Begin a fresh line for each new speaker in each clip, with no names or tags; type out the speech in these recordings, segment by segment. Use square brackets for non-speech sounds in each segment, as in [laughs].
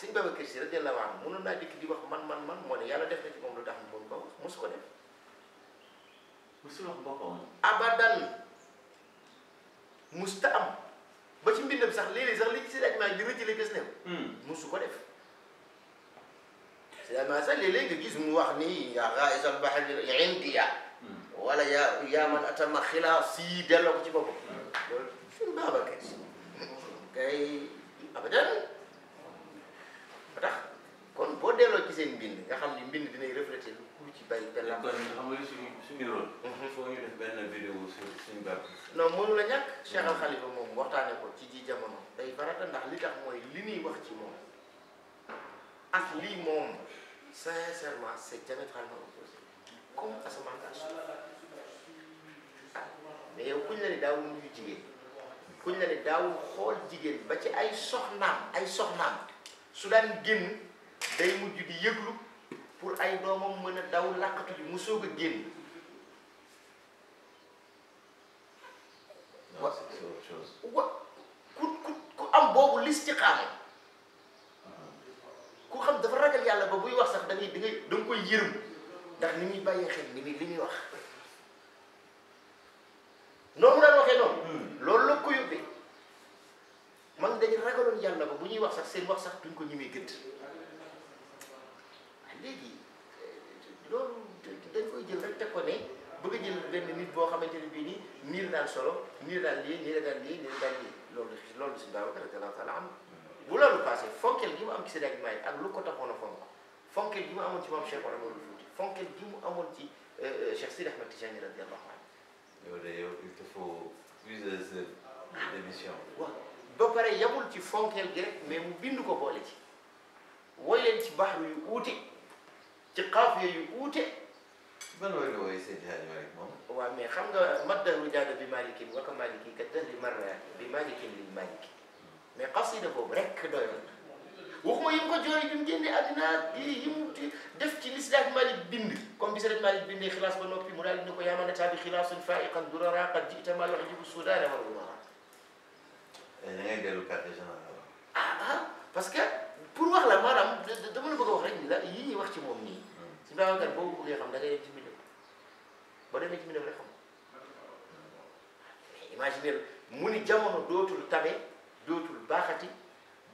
sëñ Babacar Si radiyallaahu anhu mënoon naa dikk di wax man man man moo ne yàlla def na ci moom lu tax mu ko wax mosu ko abadan musta am ba ci mbindam sax léeg sax li ci si daaj di rëcc la gis ne hmm. mosu ko def. maa sax léeg-léeg nga gis mu wax ni yaa ghaa'izal bahri indi yaa. Hmm. wala ya yaa man atama xilaas sii delloo ko ci boppam. Hmm. loolu sëñ Si kay abadan. ba kon boo delloo ci seen mbind nga xam ni mbind dinay refléter lu ku ci bay benn kon xam nga suñu suñu rôle mhm. foo ñu benn vidéo su suñu bàb non mënu la ñàkk mhm. Cheikh Al Khalifa moom waxtaane ko ci ji jamono day farata ndax li tax mooy li ñuy wax ci moom ak lii moom sincèrement c'est diamétralement opposé comme asamaan ak suuf mais yow kuñ la ne daawul nuyu jigéen kuñ la ne daawul xool jigéen ba ci ay soxnaam ay soxnaam su daan génn day mujj di yëglu pour ay doomam mën a daw làqatu ji mu soog a génn wa wa ku ku ku am boobu listiqaama ku xam dafa ragal yàlla ba buy wax sax da ngay da ngay da nga koy yërëm ndax ni muy bàyyee xel ni muy li muy wax hmm. noonu mu daan waxee noonu hmm. loolu la ko yóbbee man dañu ragaloon yàlla ba bu ñuy wax sax seen wax sax duñ ko ñemee gëdd ah, léegi euh, loolu dañ koy jël rek teg ko ne bëgg a jël benn nit boo xamante ne bii nii nii la solo nii la daan lii nii la daan lii nii la daan lii loolu loolu suñu Babacar radiyallaahu taala am bu loolu passé fonkeel gi mu am ci Seydi Hadji ak lu ko taxoon a fonk fonkel gi mu amoon ci moom Cheikh Oumar Fouti fonkel gi mu amoon ci euh, euh, Cheikh Sidi Ahmed Tijani radiyallaahu anhu yow de yow il te faut plusieurs ah. émissions waaw bapare yamul ti fonkel gi rek mais mu bindu ko bolé ci woy leen ci bahru yu uute ci qaf yu uute ban woy nga woy Seydi Hadji Malick moom wa mais xam nga madda maddaru jada bi malikin wa ka maliki ka dahri marra bi malikin li maliki mais qasida bo rek do doyoon waxuma yi mu ko joy bi mu génne adina yi mu def ci lislaam malik bind comme bi Seydi Malick bindee xilaas ba nopi mu dal ni ko yamana tabi khilasun fa'iqan durara qad ji'ta maa yu'jibu wa wal Eh, da ngay dellu quartier général ah, ah parce que pour wax la maanaam de la bëgg a wax rek ni la yii ñuy wax ci moom nii hmm. si Babacar boobu bëggee xam da ngay dem ci milieu ba demee ci milieu rek xam mais hmm. imaginer mu jamono dootul tabe dootul baaxati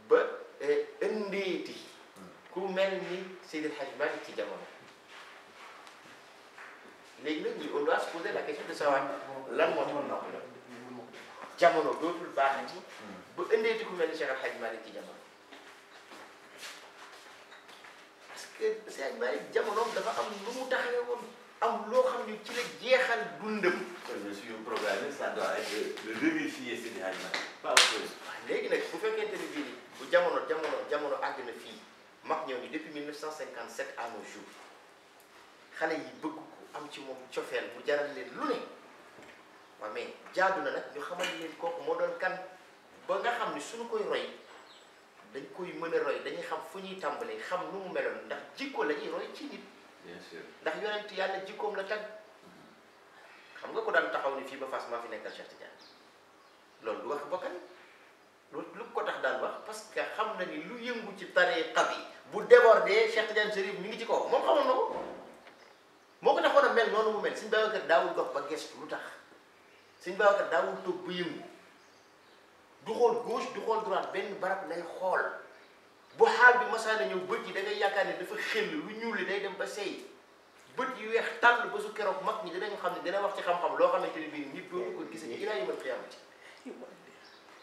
ba eh, ëndeeti hmm. ku mel ni Seydil Hadji Malick ci jamono léegi nag ñu on doit se poser la question de lan moo tax noppi la jamono dootul baaxati hmm. ba indee ku mel ni Cheikh Al Hadj Malick jamono parce que Cheikh Al Hadj Malick dafa am lu mu taxawee woon am loo xam ne ci la jeexal dundam. je suis programme ça doit être de revivifier Seydi Hadj Malick pas nag bu fekkente ni bii bu jamono jamono jamono àgg na fii mag ñëw ni depuis 1957 à nos jours xale yi bëgg ko am ci moom cofeel pour jaral leen lu ne. waaw mais jaadu na nag ñu xamal leen kooku moo doon kan ba nga xam ni suñu koy roy dañ koy mën a roy dañuy xam fu ñuy tàmbalee xam nu mu meloon ndax jikko la ñuy roy ci nit. bien sûr yàlla jikkoom la tag xam nga ko daan taxaw ni fii ba Fass maa fi nekkal Cheikh loolu wax bokkan lu ko tax daan wax parce que xam na ni lu yëngu ci tariqa bi bu débordé Cheikh Tidiane Chérif mi ngi ci kaw moom xamoon na moo ko taxoon a mel noonu mu mel suñu Babacar daawul dox ba gestu lu tax. Sëñ Babacar daawul toog bu yëngu du xool gauche du xool droite benn barab lay xool bu xaal bi masaana ñëw bët yi da ngay yaakaar ne dafa xel lu ñuul li day dem ba sey bët yi weex tànn ba su keroog mag ñi dinañ xam ne dina wax ci xam-xam loo xamante ne bii nit dooñu ko gisee ilaa yawmal qiyaamati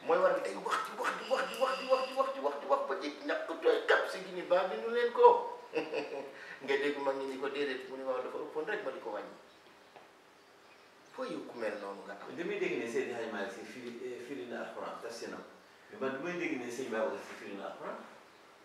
mooy war day wax di wax di wax di wax di wax di wax di wax di wax ba ci ñàkk tooy kap si gi ni baa bi leen ko [laughs] nga dégg mag ñi ni ko déedéet mu ne waaw dafa ëppoon rek ma di ko wàññi foyiku mel noonu nga am. li muy dégg ne Seydi Hadji Malick si firi firi na alxuraan tafsir na ko man li muy dégg ne sëñ Babacar si firi na alxuraan.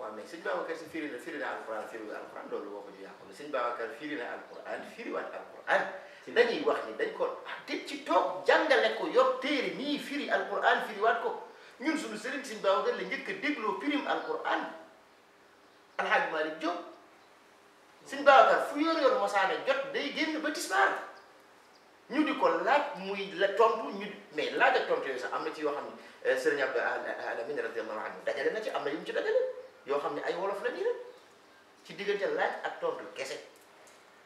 waaw mais sëñ Babacar si firi na firi na alxuraan firi na alxuraan loolu waxu ñu yàqu la sëñ Babacar firi na alxuraan firiwaat alxuraan. dañuy wax ni dañ ko ah te ci toog jàngale ko yor téere nii firi alxuraan firiwaat ko ñun suñu sëriñ sëñ Babacar la njëkk a dégloo firim alxuraan Alxaaji Malick Diop sëñ Babacar fu yor-yor mosaane jot day génn ba tisbaar ñu di ko laaj muy la tontu ñu mais laaj ak tontu yooyu sax am na ci yoo xam ne euh, sëriñ Abdou Alamine radiyallahu anhu dajale na ci am na yu mu ci dajale yoo xam ne ay wolof la nii rek ci diggante laaj ak tontu kese.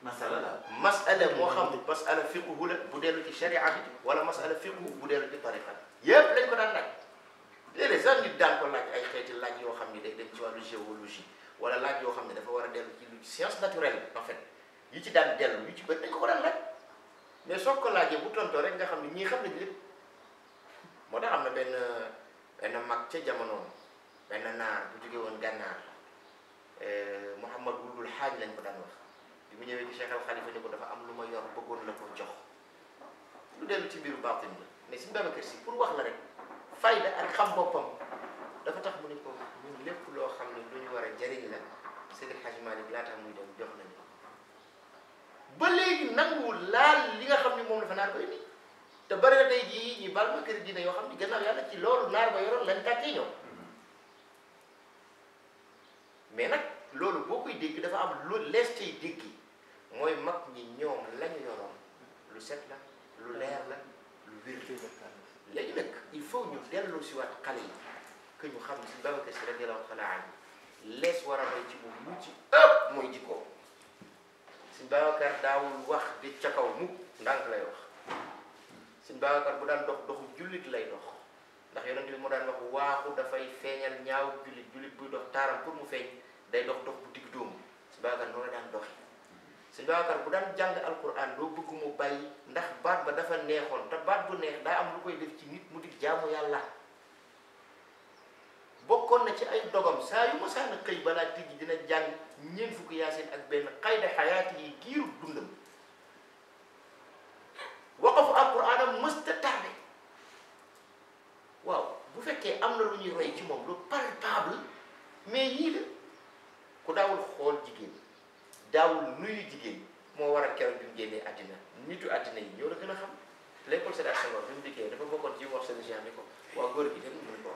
masala la masala moo xam ne masala fiqhu la bu dellu ci sharia bi wala masala fiqhu bu dellu ci tariqa bi yëpp lañ ko daan laaj léeg-léeg sax nit ay xeeti laaj yoo xam ni day dem ci wàllu géologie wala laaj yoo xam ne dafa war a dellu ci lu science naturelle en fait yi ci daan dellu yu ci bëri dañ ko ko daan laaj. mais soo ko laajee bu tontoo rek nga xam ne ñii xam nañ lépp moo tax am na benn benn mag ca jamonoom benn naar bu jóge woon gànnaar eh, Mouhamad Wulul Xaaj lañ ko daan wax bi mu ñëwee ci Cheikh Al Khalifa ko dafa am lu ma yor bëggoon la ko jox lu dellu ci mbiru baatin la mais suñu Babacar Si pour wax la rek fayda ak xam boppam dafa tax ne ko ñun lépp loo xam ne lu ñu war a jëriñ la Seydi Hadji Malick laa tax muy dem jox ba léegi nanguwul laal li nga xam ni moom la fa naar ba indi te bari na tey jii ñu bal ma kër diina yoo xam ni gannaaw yàlla ci loolu naar ba yoroon lañ tàkkee ñoom mais nag loolu boo koy dégg dafa am lu lees tey dégg mooy mag ñi ñoom lañu set la lu leer la lu wér léegi nag il faut ñu delloo si waat xale yi que ñu xam si Babacar Si radiyallaahu lees war a may ci moom lu ci ëpp mooy jikkoo sëñ daun wah di ca kaw mukk ndànk lay wax dok Babacar bu daan dox doxu jullit lay dox ndax yonent bi mu daan wax waaxu tarang pun ñaaw jullit jullit buy dox taaram pour mu feeñ day dox dox bu la bu alquran doo bëgg mu bàyyi ndax baat ba dafa neexoon Dah baat bu neex dah am lu koy def ci nit mu di jaamu yàlla na ci ay dogam sayu yu ma saan xëy dina jang ñeent fukki yaasin ak benn xayda xayaat yi giiru dundam waqafu alquraanam mësta tarde waaw bu fekkee am na lu ñuy roy ci moom lu palpable mais yii la ku daawul xool jigéen daawul nuyu jigéen moo waral keroog bi mu génnee àddina nitu àddina yi ñoo la gën a xam Léopold Sédar Senghor bi mu dikkee dafa bokkoon ci wax seen genre ni ko waa góor gi dem mu ko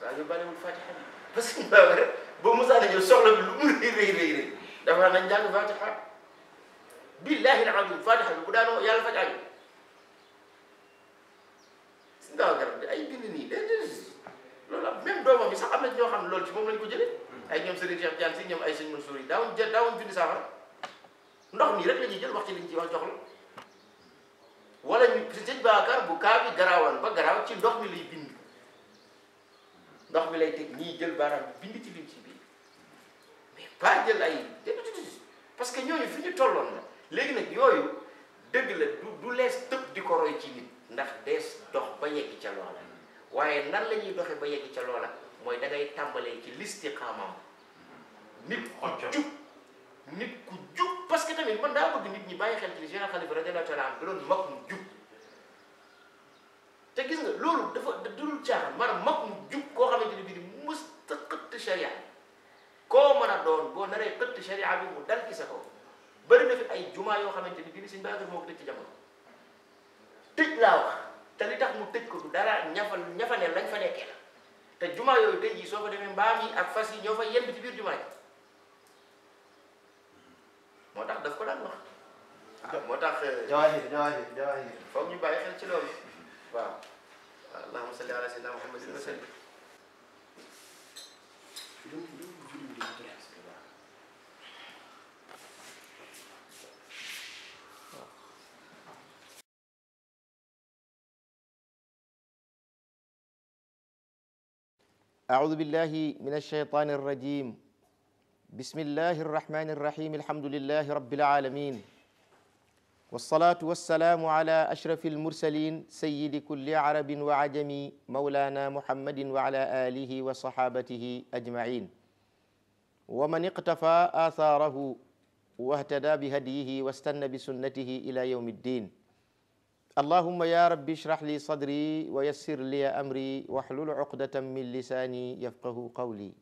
waaw yu bàlewul fatiha bi parce que boo Moussa la jël soxla bi lu mu rëy rëy rëy dafa nañ jàng Fatiha billahi alazim Fatiha bi bu daanoo yàlla faj aju si ndaw garab bi ay bind nii déedéet loolu am même doomam bi sax am na ñoo xam ne loolu ci moom lañ ko jëlee ay ñoom Serigne Cheikh Diagne si ñoom ay Serigne Mansour yi daawuñ jël daawuñ bind saafara ndox mi rek la ñuy jël wax ci liñ ci wax jox la wala ñu sëñ Babacar bu kaa bi garaawal ba garaaw ci ndox mi lay bind ndox mi lay teg ñii jël baaraam bi ci pas jël ay parce que ñooñu fi ñu tolloon la léegi nag yooyu dëgg la du du lees tëb di ko roy ci nit ndax dees dox ba yegg ca loola waaye nan la ñuy doxe ba yegg ca loola mooy da ngay tàmbalee ci listiqaamam nit ku jub nit ku jub parce que tamit man daa bëgg nit ñi bàyyi xel ci li général Khalifa radiyallahu taala am doon mag mu jub te gis nga loolu dafa dul caaxaan maanaam mag mu jub koo xamante ne bii ni mës ta koo mën a doon boo naree xëtt sharia bi mu dal ci sa kaw na fi ay jumaa yoo xamante ni bii ni suñ baagar moo ko tëj ci jamono tëj laa wax te li tax mu tëj ko du dara ñafa ñafane lañ fa nekkee la te jumaa yooyu tey jii soo fa demee mbaam yi ak fas yi ñoo fa yemb ci biir jumaa yi moo tax daf ko daan ah. moo tax euh, jawaahir jawaahir jawaahir foog ñu bàyyi xel ci loolu waaw allahumma salli ala sayyidina muhammadin wa sallim أعوذ بالله من الشيطان الرجيم بسم الله الرحمن الرحيم الحمد لله رب العالمين والصلاة والسلام على أشرف المرسلين سيد كل عرب وعجم مولانا محمد وعلى آله وصحابته أجمعين ومن اقتفى آثاره واهتدى بهديه واستنى بسنته إلى يوم الدين اللهم يا رب اشرح لي صدري ويسر لي أمري واحلل عقدة من لساني يفقه قولي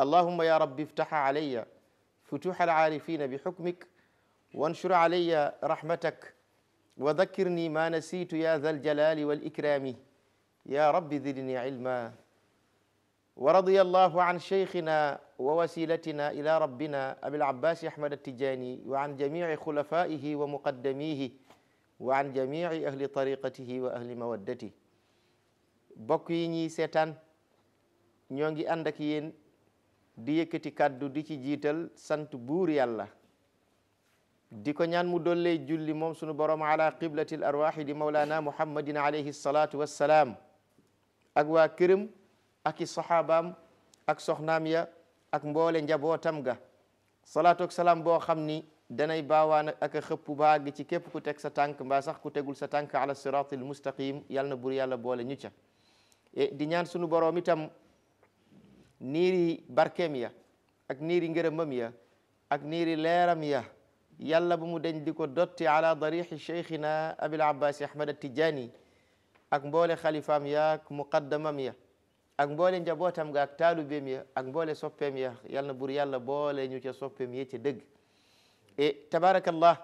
اللهم يا رب افتح علي فتوح العارفين بحكمك وانشر علي رحمتك وذكرني ما نسيت يا ذا الجلال والإكرام يا رب زدني علما ورضي الله عن شيخنا ووسيلتنا إلى ربنا أبي العباس أحمد التجاني وعن جميع خلفائه ومقدميه wa an ahli tariqatihi wa ahli mawaddati bokk yi ñuy seetaan ñoo ngi ànd ak yéen di yëkkati kàddu di ci jiital sant buur yàlla di ko ñaan mu dollee julli moom sunu borom ala qiblati l arwaxi di maulana muhammadin alayhi salaatu wassalaam ak waa këram ak ak soxnaam ya ak mboole njabootam danay baawaan ak a xëpp ba àgg ci képp ku teg sa tànk mbaa sax ku tegul sa tànk ala siratil mustaqim yal na bur yàlla boole ñu ca di ñaan sunu boroom itam niiri barkeem ya ak niiri ngërëmam ya ak niiri leeram ya yàlla bu mu deñ di ko dotti ala darixi cheikhina abil abbas ahmad tijani ak mboole xalifaam ya ak muqaddamam ya ak mboole njabootam ga ak taalubeem ya ak mboole soppeem ya yal na bur yàlla boole ñu ca soppeem ya ca dëgg إيه، تبارك الله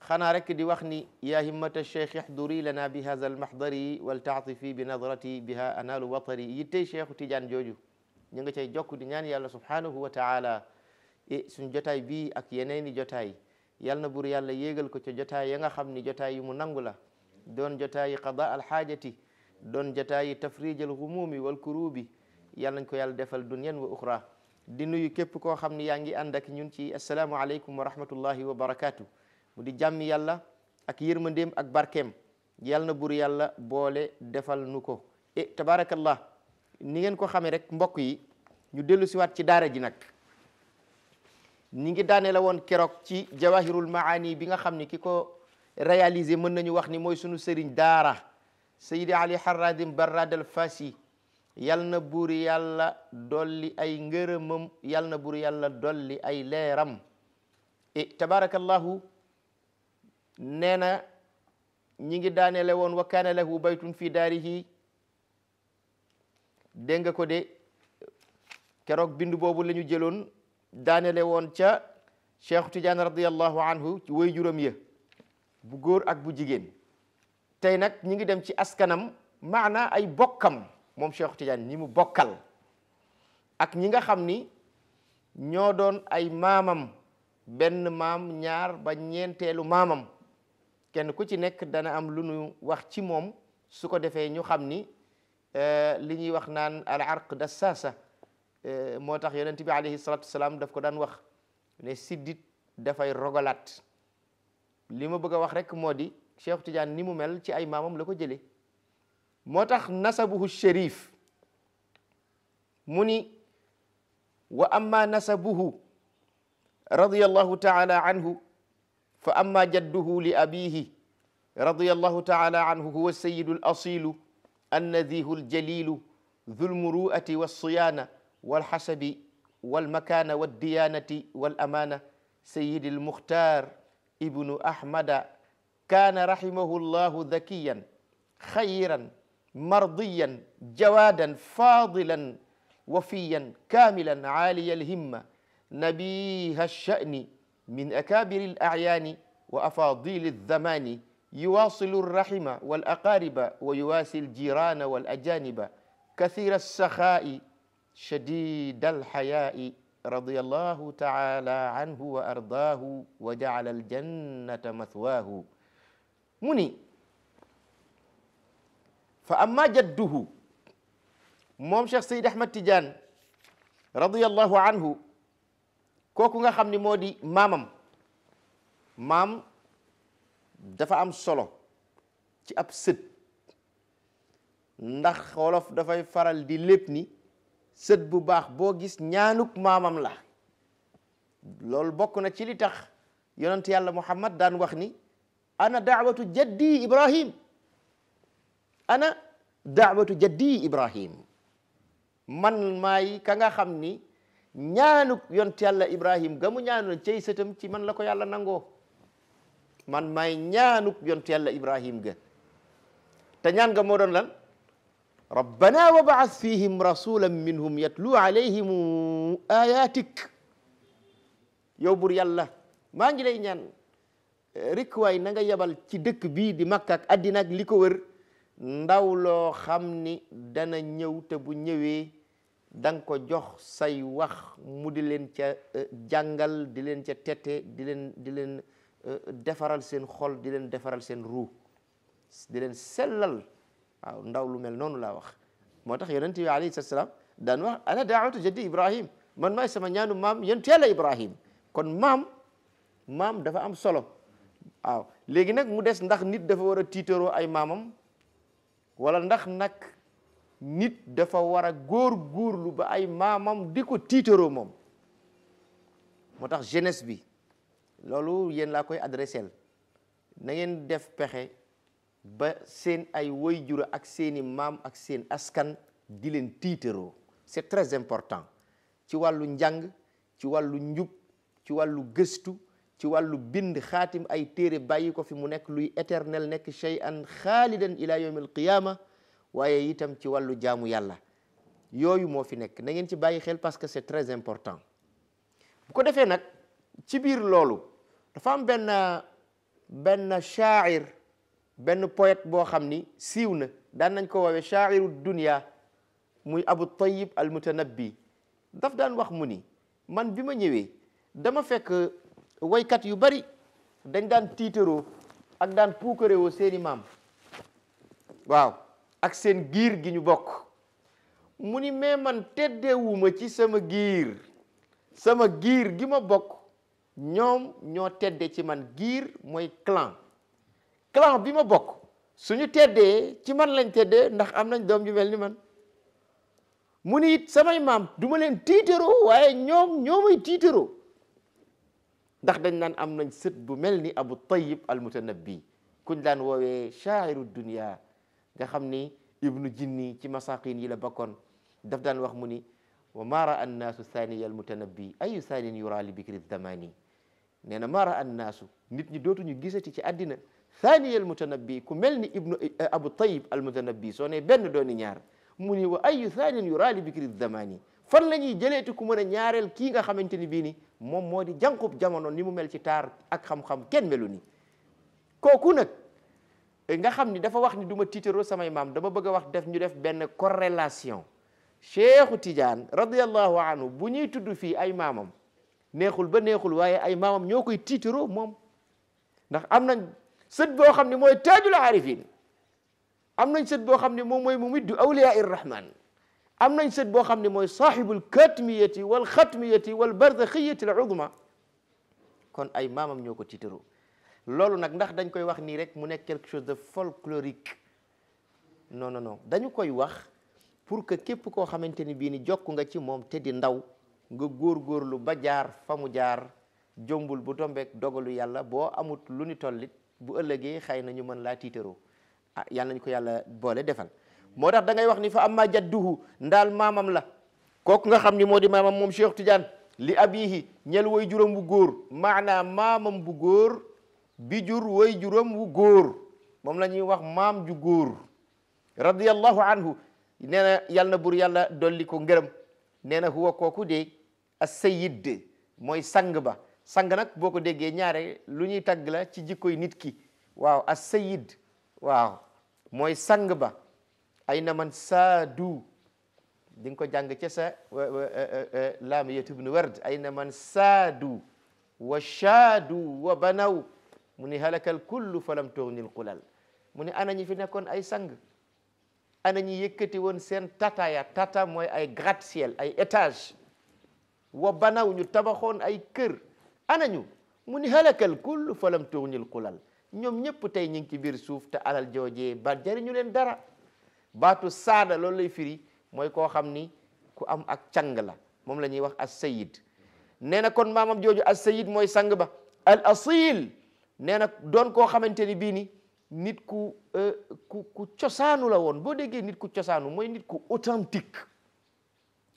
خنا رك دي وخني يا همة الشيخ احضري لنا بهذا المحضر ولتعطفي بنظرتي بها انال وطري يتي شيخ تيجان جوجو نيغا تاي جوكو دي نيان يالله سبحانه وتعالى اي سن جوتاي بي اك ينيني جوتاي يالنا بور يالله ييغل كو تي جوتاي ياغا خامني جوتاي يمو نانغولا دون جوتاي قضاء الحاجه دون جوتاي تفريج الغموم والكروب يالنكو يال ديفال دنيا واخرى di nuyu képp koo xam ni yaa ngi ànd ak ñun ci asalaamualeykum wa rahmatullahi wa barakaatu mu di jàmm yàlla ak yërmandeem ak barkeem yàlla na bur yàlla boole defal nu ko e eh, tabaarakallah ni ngeen ko xamee rek mbokk yi ñu dellu siwaat ci daara ji nag ni ngi daane la woon keroog ci jawahirul maani bi nga xam ni ki ko réaliser mën nañu wax ni mooy sunu sëriñ daara sayidi ali haradim barradal fasi yal na buur yàlla dolli ay ngërëmam yal na buur yàlla dolli ay leeram i e, tabarakallahu nee na ñi ngi daaneele woon wa kaana lahu baytun fi daarihi dégg nga ko de keroog bind boobu la ñu jëloon daaneele woon ca cheikh tidiane radiallahu anhu way juram ya bu góor ak bu jigéen tey nag ñi ngi dem ci askanam maana ay bokkam moom Cheikh Tidiane ñi mu bokkal ak ñi nga xam ni ñoo doon ay maamam benn maam ñaar ba ñeenteelu maamam kenn ku ci nekk dana am lu nu wax ci moom su ko defee ñu xam ni euh, li ñuy wax naan al arq dassaasa euh, moo tax yonent bi alayhi salatu wasalaam daf ko daan wax ne siddit dafay rogalaat li ma bëgg a wax rek moo di Cheikh Tidiane ni mu mel ci ay maamam la ko jëlee moo tax nasabuhu sharif mu ni wa amma nasabuhu radiyallahu taala anhu fa amma jadduhu li abihi radiyallahu taala anhu huwa sayidu alasilu annadihu aljalilu ذو المروءة والصيانة والحسب والمكانة والديانة والأمانة سيد المختار ابن أحمد كان رحمه الله ذكيا خيرا مرضيا جوادا فاضلا وفيا كاملا عالي الهمه نبيه الشان من اكابر الاعيان وافاضيل الزمان يواصل الرحم والاقارب ويواسي الجيران والاجانب كثير السخاء شديد الحياء رضي الله تعالى عنه وارضاه وجعل الجنه مثواه مني fa amma jadduhu moom Cheikh Seydi Ahmad Tidiane radiyallahu anhu kooku nga xam ni moo di maamam maam dafa am solo ci ab sët ndax wolof dafay faral di lépp ni sët bu baax boo gis ñaanuk maamam la loolu bokk na ci li tax ti yàlla muhammad daan wax ni ana daawatu jaddi ibrahim ana da'watu jaddi ibrahim man may ka nga xamni ni yont yalla ibrahim gamu ñaanu cey setam ci man la ko yàlla nangoo man may ñaanuk yont yalla ibrahim ga te ñaan ga mo don lan wa ba'ath fihim rasulan minhum yatlu alayhim ayatik yow bur yalla ma ngi lay ñaan rek way na nga yabal ci dekk bi di makka ak adina ak liko wër ndaw loo xam ni dana ñëw te bu ñëwee dang ko jox say wax mu di leen ca euh, jàngal di leen ca tete di leen di leen euh, defaral seen xol di leen defaral seen ruu di leen sellal aw ndaw lu mel noonu laa wax moo tax ti bi alayhi salaam daan wax ana daawatu jaddi ibrahim man maay sama ñaanu maam yonent yàlla ibrahim kon maam maam dafa am solo aw léegi nag mu des ndax nit dafa war a tiitaroo ay maamam wala ndax nag nit dafa war a góor góorlu ba ay maamam di ko tiitaroo moom moo tax jeunesse bi loolu yéen laa koy adressel nangeen def pexe ba seen ay waajur ak seeni maam ak seen askan di leen tiitaroo c'est très important ci wàllu njàng ci wàllu njub ci wàllu gëstu ci walu bind khatim ay téré bayiko fi mu nek luy éternel nek shay'an khalidan ila yawmil qiyamah waye itam ci walu jaamu yàlla yoyu mo fi nek na ngeen ci bàyyi xel parce que c'est très important bu ko defé nak ci bir lolu dafa am ben ben sha'ir ben poète bo xamni siwna dan nañ ko wowe shaairu dunya muy abu tayyib al mutanabbi daf dan wax muni man bima ñewé dama fekk waykat yu bari dañ daan tiitaroo ak daan puukarewoo seeni maam waaw ak seen giir gi ñu bokk mu ni mais man teddewuma ci sama giir sama giir gi ma bokk ñoom ñoo tedde ci man giir mooy clan clan bi ma bokk suñu teddee ci man lañ teddee ndax am nañ doom ju mel ni man mu ni it samay maam duma leen tiitaroo waaye ñoom ñoo may tiitaroo ndax dañ nan am nañ seut bu melni ni tayyib al mutanabbi kuñ daan woowee chaa'iru dunya nga xamni ibnu jinni ci masaqin yi la bakon daf dan wax muni wa mara an raa thani al mutanabbi ayu thani yura li bikri zamani neena mara an raa nit ñi dootu ñu gisati ci adina thani al mutanabbi ku melni ibnu abu tayyib al mutanabbi sone benn dooni ñaar muni wa ayu thani yura li bikri zamani fan lañuy jëleeti ku meuna ñaarel ki nga xamanteni bi ni moom moo di jànqub jamono ni mu mel ci taar ak xam-xam kenn melu ni kooku nag nga xam ni dafa wax ni duma ma tiitaroo samay maam dama bëgg a wax def ñu def benn corrélation cheikhu Tidiane radiallahu anhu bu ñuy tudd fii ay maamam neexul ba neexul waaye ay maamam ñoo koy tiitaroo moom ndax am nañ sët boo xam ne mooy taajul arifin am nañ sët boo xam ne moom mooy mu middu awliyaa irrahman أمنا يسد sët boo xam ne mooy saaxibul katmiyati wal xatmiyati wal barzaxiyati al uzma kon ay maamam ñoo ko tiitaroo loolu nag ndax dañ koy wax نو rek mu nekk quelque chose pour que képp koo xamante ni bii ni jokk nga ci moom te di ndaw nga góorgóorlu ba jaar fa mu jaar jombul bu tombeek dogalu yàlla boo amut lu ni tollit bu ëllëgee xëy na ñu mën laa tiitaroo ah yàlla nañ ko yàlla boole defal moo tax da ngay wax ni fa amma jadduhu ndaal maamam la kooku nga xam ni moo di maamam moom Cheikh Tidiane li abihi ñel way juróom wu góor maanaa maamam bu góor bi jur way juróom wu góor moom la ñuy wax maam ju góor radiyallahu anhu nee na yàlla na bur yàlla dolli ko ngërëm nee na huwa kooku de as-sayyid mooy sang ba sang nag boo ko déggee ñaare lu ñuy tagg ci jikkoy nit ki waaw as-sayyid sang ba ay na man saadu di nga ko jàng ca sa laamiyatu bnu werd ay na man saadu wa shaadu wa banaw mu ni halakal kullu falam tughnil qulal mu ni ana ñi fi nekkoon ay sang ana ñi yëkkati woon seen tata ya tata mooy ay gratte ay étage wa banaw ñu tabaxoon ay kër ana ñu mu ni halakal kullu falam tughnil qulal ñoom ñëpp tey ñu ngi ci biir suuf te alal joojee ba jariñu leen dara baatu saada loolu lay firi mooy koo xam ni ku am ak càng la moom la ñuy wax as sayid nee na kon maamam jooju as sayid mooy sang ba al asil nee na doon koo xamante ni bii ni nit euh, ku ku cosaanu la woon boo déggee nit ku cosaanu mooy nit ku authentique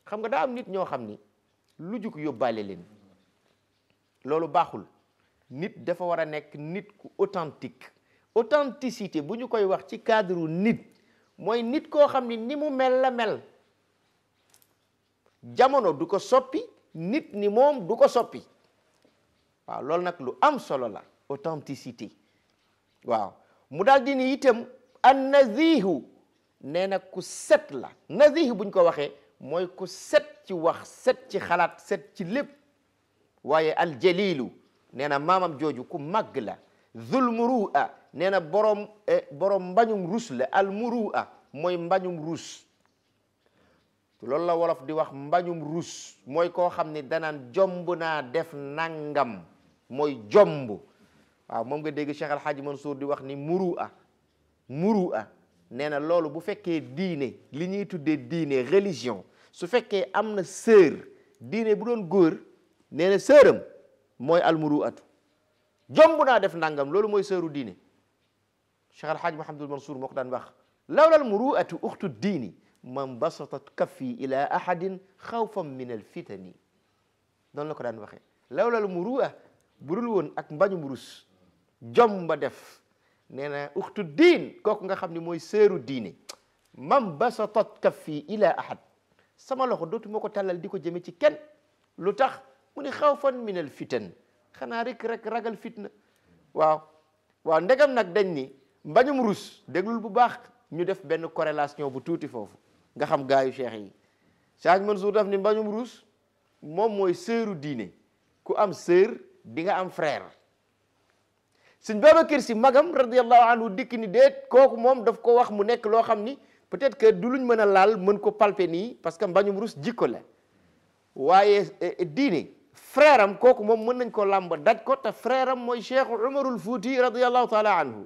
xam nga daa am nit ñoo xam ni lu jug yóbbaale leen loolu baaxul nit dafa war a nekk nit ku authentique authenticité bu ñu koy wax ci cadre nit mooy nit koo xam ni ni mu mel la mel jamono du ko soppi nit ni moom du ko soppi waaw loolu nag lu am solo la authenticité waaw mu daal di ni itam an nazihu nee na ku set la nazihu buñ ko waxee mooy ku set ci wax set ci xalaat set ci lépp waaye aljalilu nee na maamam jooju ku màgg la zulmurua nee na borom eh, borom mbañum ruus la al murua mooy mbañum rus loolu la wolof di wax mbañum ruus mooy koo xam ni danaan jomb naa def nangam mooy jomb waaw moom nga dégg Cheikh Al Hadj Mansour di wax ni murua murua nee na loolu bu fekkee diine li ñuy tuddee diine religion su fekkee am na sœur diine bu doon góor nee na sœuram mooy almuruatu jomb naa def nangam loolu mooy sœuru diine شيخ حاج محمد المنصور مقدان بخ لولا المروءة أخت الدين ما انبسطت كفي إلى أحد خوفا من الفتن دون لك دان بخي لولا المروءة برلون أك مروس جمبا دف نينا أخت الدين كوك نغا خمني موي سير الدين ما انبسطت كفي إلى أحد سما لو دوتو موكو تالال ديكو جيمي سي كين لوتاخ خوفا من الفتن خنا ريك رك رك الفتنه واو واو نك دني mbañum rus deglul bu baax ñu def ben corrélation bu tuti fofu nga xam gaayu cheikh yi Cheikh Mansour daf ni mbañum rus mom moy diine ku am sër di nga am frère seigne babakir si magam radiyallahu anhu dik ni déet koku mom daf ko wax mu nek lo xamni peut-être que du luñ mëna laal mën ko palpe ni parce que mbañum rus jikko la waye eh, diine frère am koku mom mën nañ ko lamb daj ko ta frère am moy cheikh umarul fouti radiyallahu taala anhu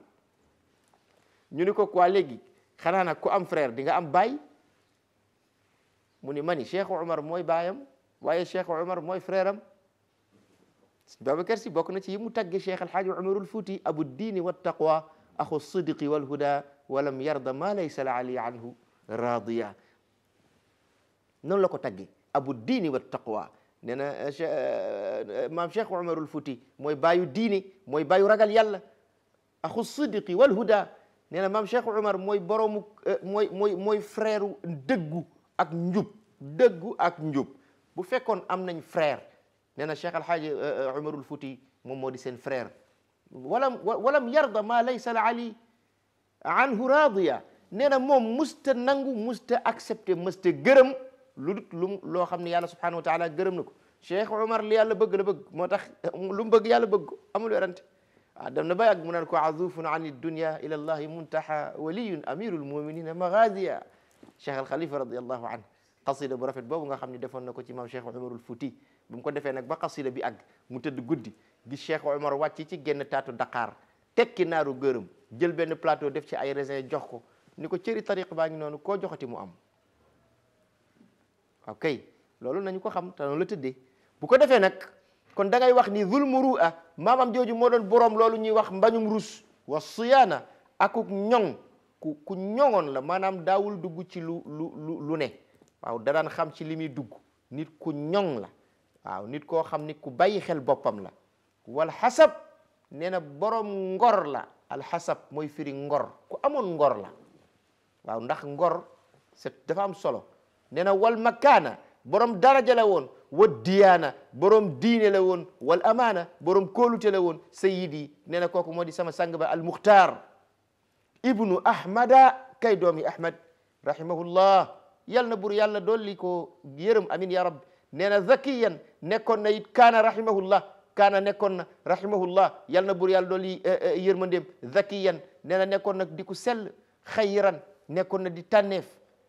ñu ni ko quoi léegi xanaa nag ku am frère di nga am baay mu ni mani Cheikh Omar mooy baayam waaye Cheikh Omar mooy frère am Babacar Si bokk na ci yi mu tagge Cheikh Alhaaji Omarul Fuuti abu diini wa taqwa axu wal huda walam yarda ma laysa la ali noonu la ko tagge abu diini wa taqwa nee na eh, eh, eh, maam Cheikh Omarul Fuuti mooy baayu diini mooy baayu ragal yàlla axu sidqi wal huda نينا مام شيخ عمر موي بروم موي موي موي فريرو دغو اك نجوب دغو اك نجوب بو فيكون ام نان فرير نينا شيخ الحاج عمر الفوتي مو مودي سين فرير ولم ولم يرضى ما ليس لعلي عنه راضيه نينا موم مست نانغو مست اكسبتي مست گرم لود لو خامني يالا سبحانه وتعالى گرم نكو شيخ عمر لي يالا بغ لا بغ موتاخ لوم بغ يالا بغ امول يرانتي عندما نبايك منركو عذوف عن الدنيا إلى الله منتحى ولي أمير المؤمنين مغازيا شيخ الخليفة رضي الله عنه قصيدة برافة بابو نغا خمني دفن نكو تمام شيخ عمر الفوتي بمكو دفن نكبا قصيدة بي أج متد قدي جي شيخ عمر واتي تي جنة تاتو دقار تكي نارو جرم جل بين بلاتو دفتي أي رزي جوخو نكو تيري طريق باني نونو كو جوخة تي مؤم أوكي لولو نانيكو خم تانو لتدي بكو دفن نكو kon da ngay wax ni zul a maamam jooju moo doon boroom loolu ñuy wax mbañum rus wa siyaana akuk ñoŋ ku ku ñoŋoon la maanaam daawul dugg ci lu lu lu ne waaw da daan xam ci li muy dugg nit ku ñoŋ la waaw nit koo xam ni ku bàyyi xel boppam la wal xasab nee na boroom ngor la alxasab mooy firi ngor ku amoon ngor la waaw ndax ngor c'est dafa am solo nee na wal makaana borom daraja la woon wa diyaana borom diine la woon wal amaana borom kóolute la woon sayidi nee na kooku moo di sama sang ba al muxtaar ibnu ahmada kay doomi ahmad rahimahullah yal na bur yàlla dolli ko yërëm amin ya rabbi nee na zakiyan nekkoon na it kaana rahimahullah kaana nekkoon na rahimahullah yal na bur yàlla dolli eh, eh, yërmandeem zakiyan nee na nekkoon na di ku sell xayran nekkoon na di tànneef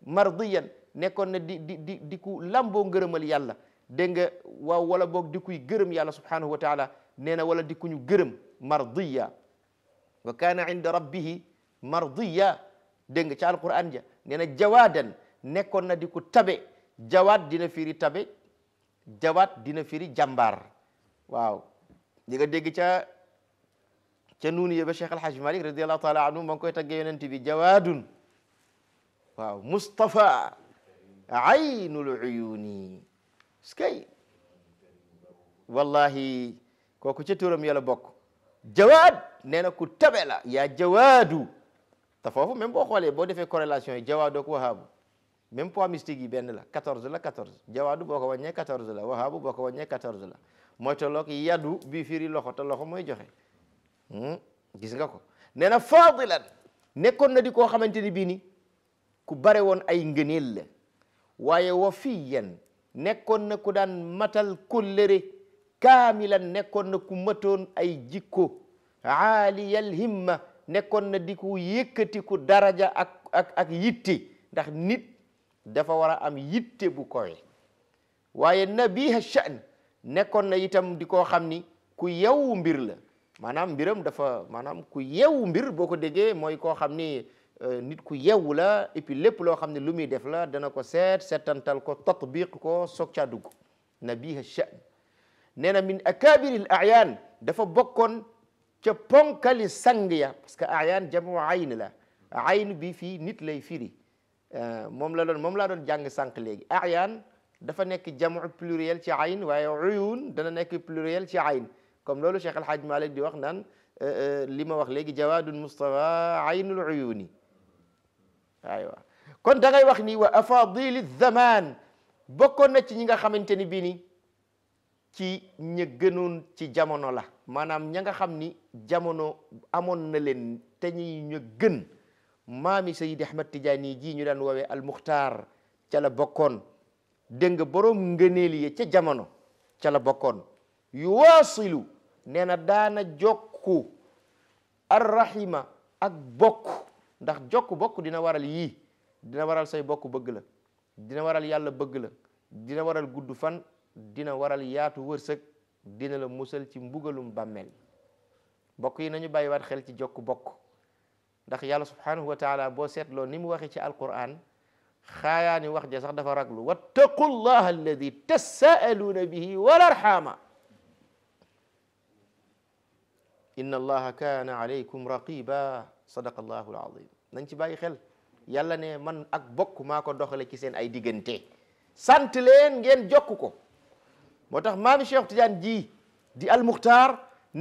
mardiyan nekkoon na di di di di ku lamboo ngërëmal yàlla dégg nga waaw wala boog di dikkuy gërëm yàlla subhanahu wa taala nee na wala dikkuñu gërëm mardiya wa kaana inda rabbihi mardiya dégg nga ca alquran ja nee jawaadan nekkoon na di ku tabe jawaat dina firi tabe dina firi jàmbaar waaw di nga dégg ca ca nuuni yé ba cheikh alhaj malik radiallahu taala anhu ma ngi koy tagge yonent bi jawaadun mustafa aynul uyuni skay wallahi kooku ci turam yàlla bokk jawaad nee na ku tabe la yaa jawaadu te foofu même boo xoolee boo defee corrélation yi jawaadu ak wahaabu même poids mystique yi benn la 14 la 14 jawaadu boo ko wàññee 14 la wahaabu boo ko wàññee la mooy tolloog bi firi loxo te loxo mooy joxe hmm? gis nga ko nee na faadilan nekkoon na di koo xamante ni bii ku bare woon ay ngëneel la waaye wafiyan nekkoon na ku daan matal kóllëre kaamilan nekkoon na ku matoon ay jikko aaliyal himma nekkoon na di ku yëkkati ku daraja ak ak ak yitte ndax nit dafa war a am yitte bu kowe waaye nabiha sha'n nekkoon na itam di koo xam ni ku yewu mbir la maanaam mbiram dafa maanaam ku yewu mbir boo ko déggee mooy koo xam ni nit ku yeewu la et puis lépp lo xamne ne lu muy def la dana ko set setantal ko tatbiq ko sok caa dug nabiha sha'n nena min akabir al a'yan dafa bokkon ca ponkali sang ya parce que a'yan jamu ayn la ayn bi fi nit lay firi mom la don mom la don jàng sank legi a'yan dafa nek jamu pluriel ci ayn waaye uyun dana nek pluriel ci ayn comme lolu Cheikh al Hadj malik di wax nan لما وخلق جواد المصطفى عين العيوني aywa kon dangay wax ni wa afadili zaman bokkoon na ci ñi nga xamante ni bii ni ci ña gënoon ci jamono la maanaam ña nga xam ni jamono amoon na leen te ñi ñu gën maami Sayid Ahmad Tijaani jii ñu daan woowee almuxtaar ca la bokkoon dégg nga boroom ngëneel ca jamono ca la bokkoon yuwaasilu nee na daana jokku arrahima ak bokk ndax jokk bokk dina waral yi dina waral say bokk bëgg la dina waral yàlla bëgg la dina waral gudd fan dina waral yaatu wërsëg dina la musal ci mbugalum bàmmeel bokk yi nañu bàyyi bàyyiwaat xel ci jokk bokk ndax yàlla subhanahu wa taala boo seetloo ni mu waxe ci alquran xaayaani wax ja sax dafa raglu wattaqullaha alladi tasaaluuna bihi wal arxaama inna allaha kaana alaykum raqiba sadaqallahul azim nañ ci bàyyi xel yàlla ne man ak bokk maa ko doxale ci seen ay diggante sant leen ngeen jokk ko moo tax maami Cheikh Tidiane ji di almuxtaar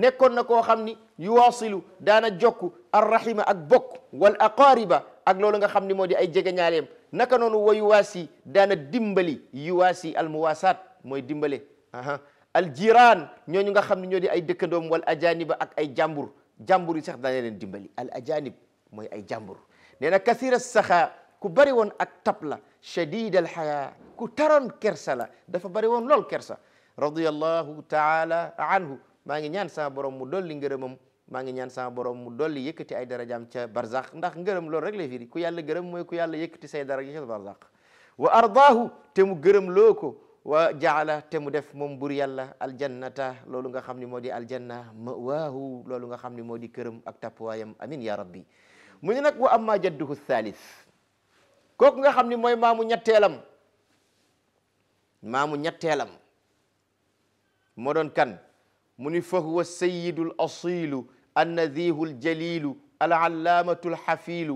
nekkoon na koo xam ni yuwaasilu daana jokk arrahima ak bokk wal aqariba ak loolu nga xam ni moo di ay jegeñaaleem naka noonu wa yuwaasi daana dimbali yuwaasi almuwaasaat mooy dimbali aha al jiraan ñooñu nga xam ne ñoo di ay dëkkandoom wal ajaaniba ak ay jàmbur jàmbur yi sax dana leen dimbali al ajanib mooy ay jàmbur nee na kasira saxaa ku bari woon ak tab la shadid al xayaa ku taroon kersa la dafa bari woon lool kersa radiyallahu taala anhu maa ngi ñaan sama borom mu dolli ngërëmam maa ngi ñaan sama borom mu dolli yëkkati ay darajaam ca barzax ndax ngërëm loolu rek la firi ku yàlla gërëm mooy ku yàlla yëkkati say daraja ca barzax wa ardaahu te mu gërëm loo وجعل تمدف ممبر يلا الجنة لولونغا خمني مودي الجنة مأواه لولونغا خمني مودي كرم أكتب وايم أمين يا ربي مجنك وأما جده الثالث كوك نغا خمني موي مامو نتيلم مامو نتيلم مدن كان مني فهو السيد الأصيل النذيه الجليل العلامة الحفيل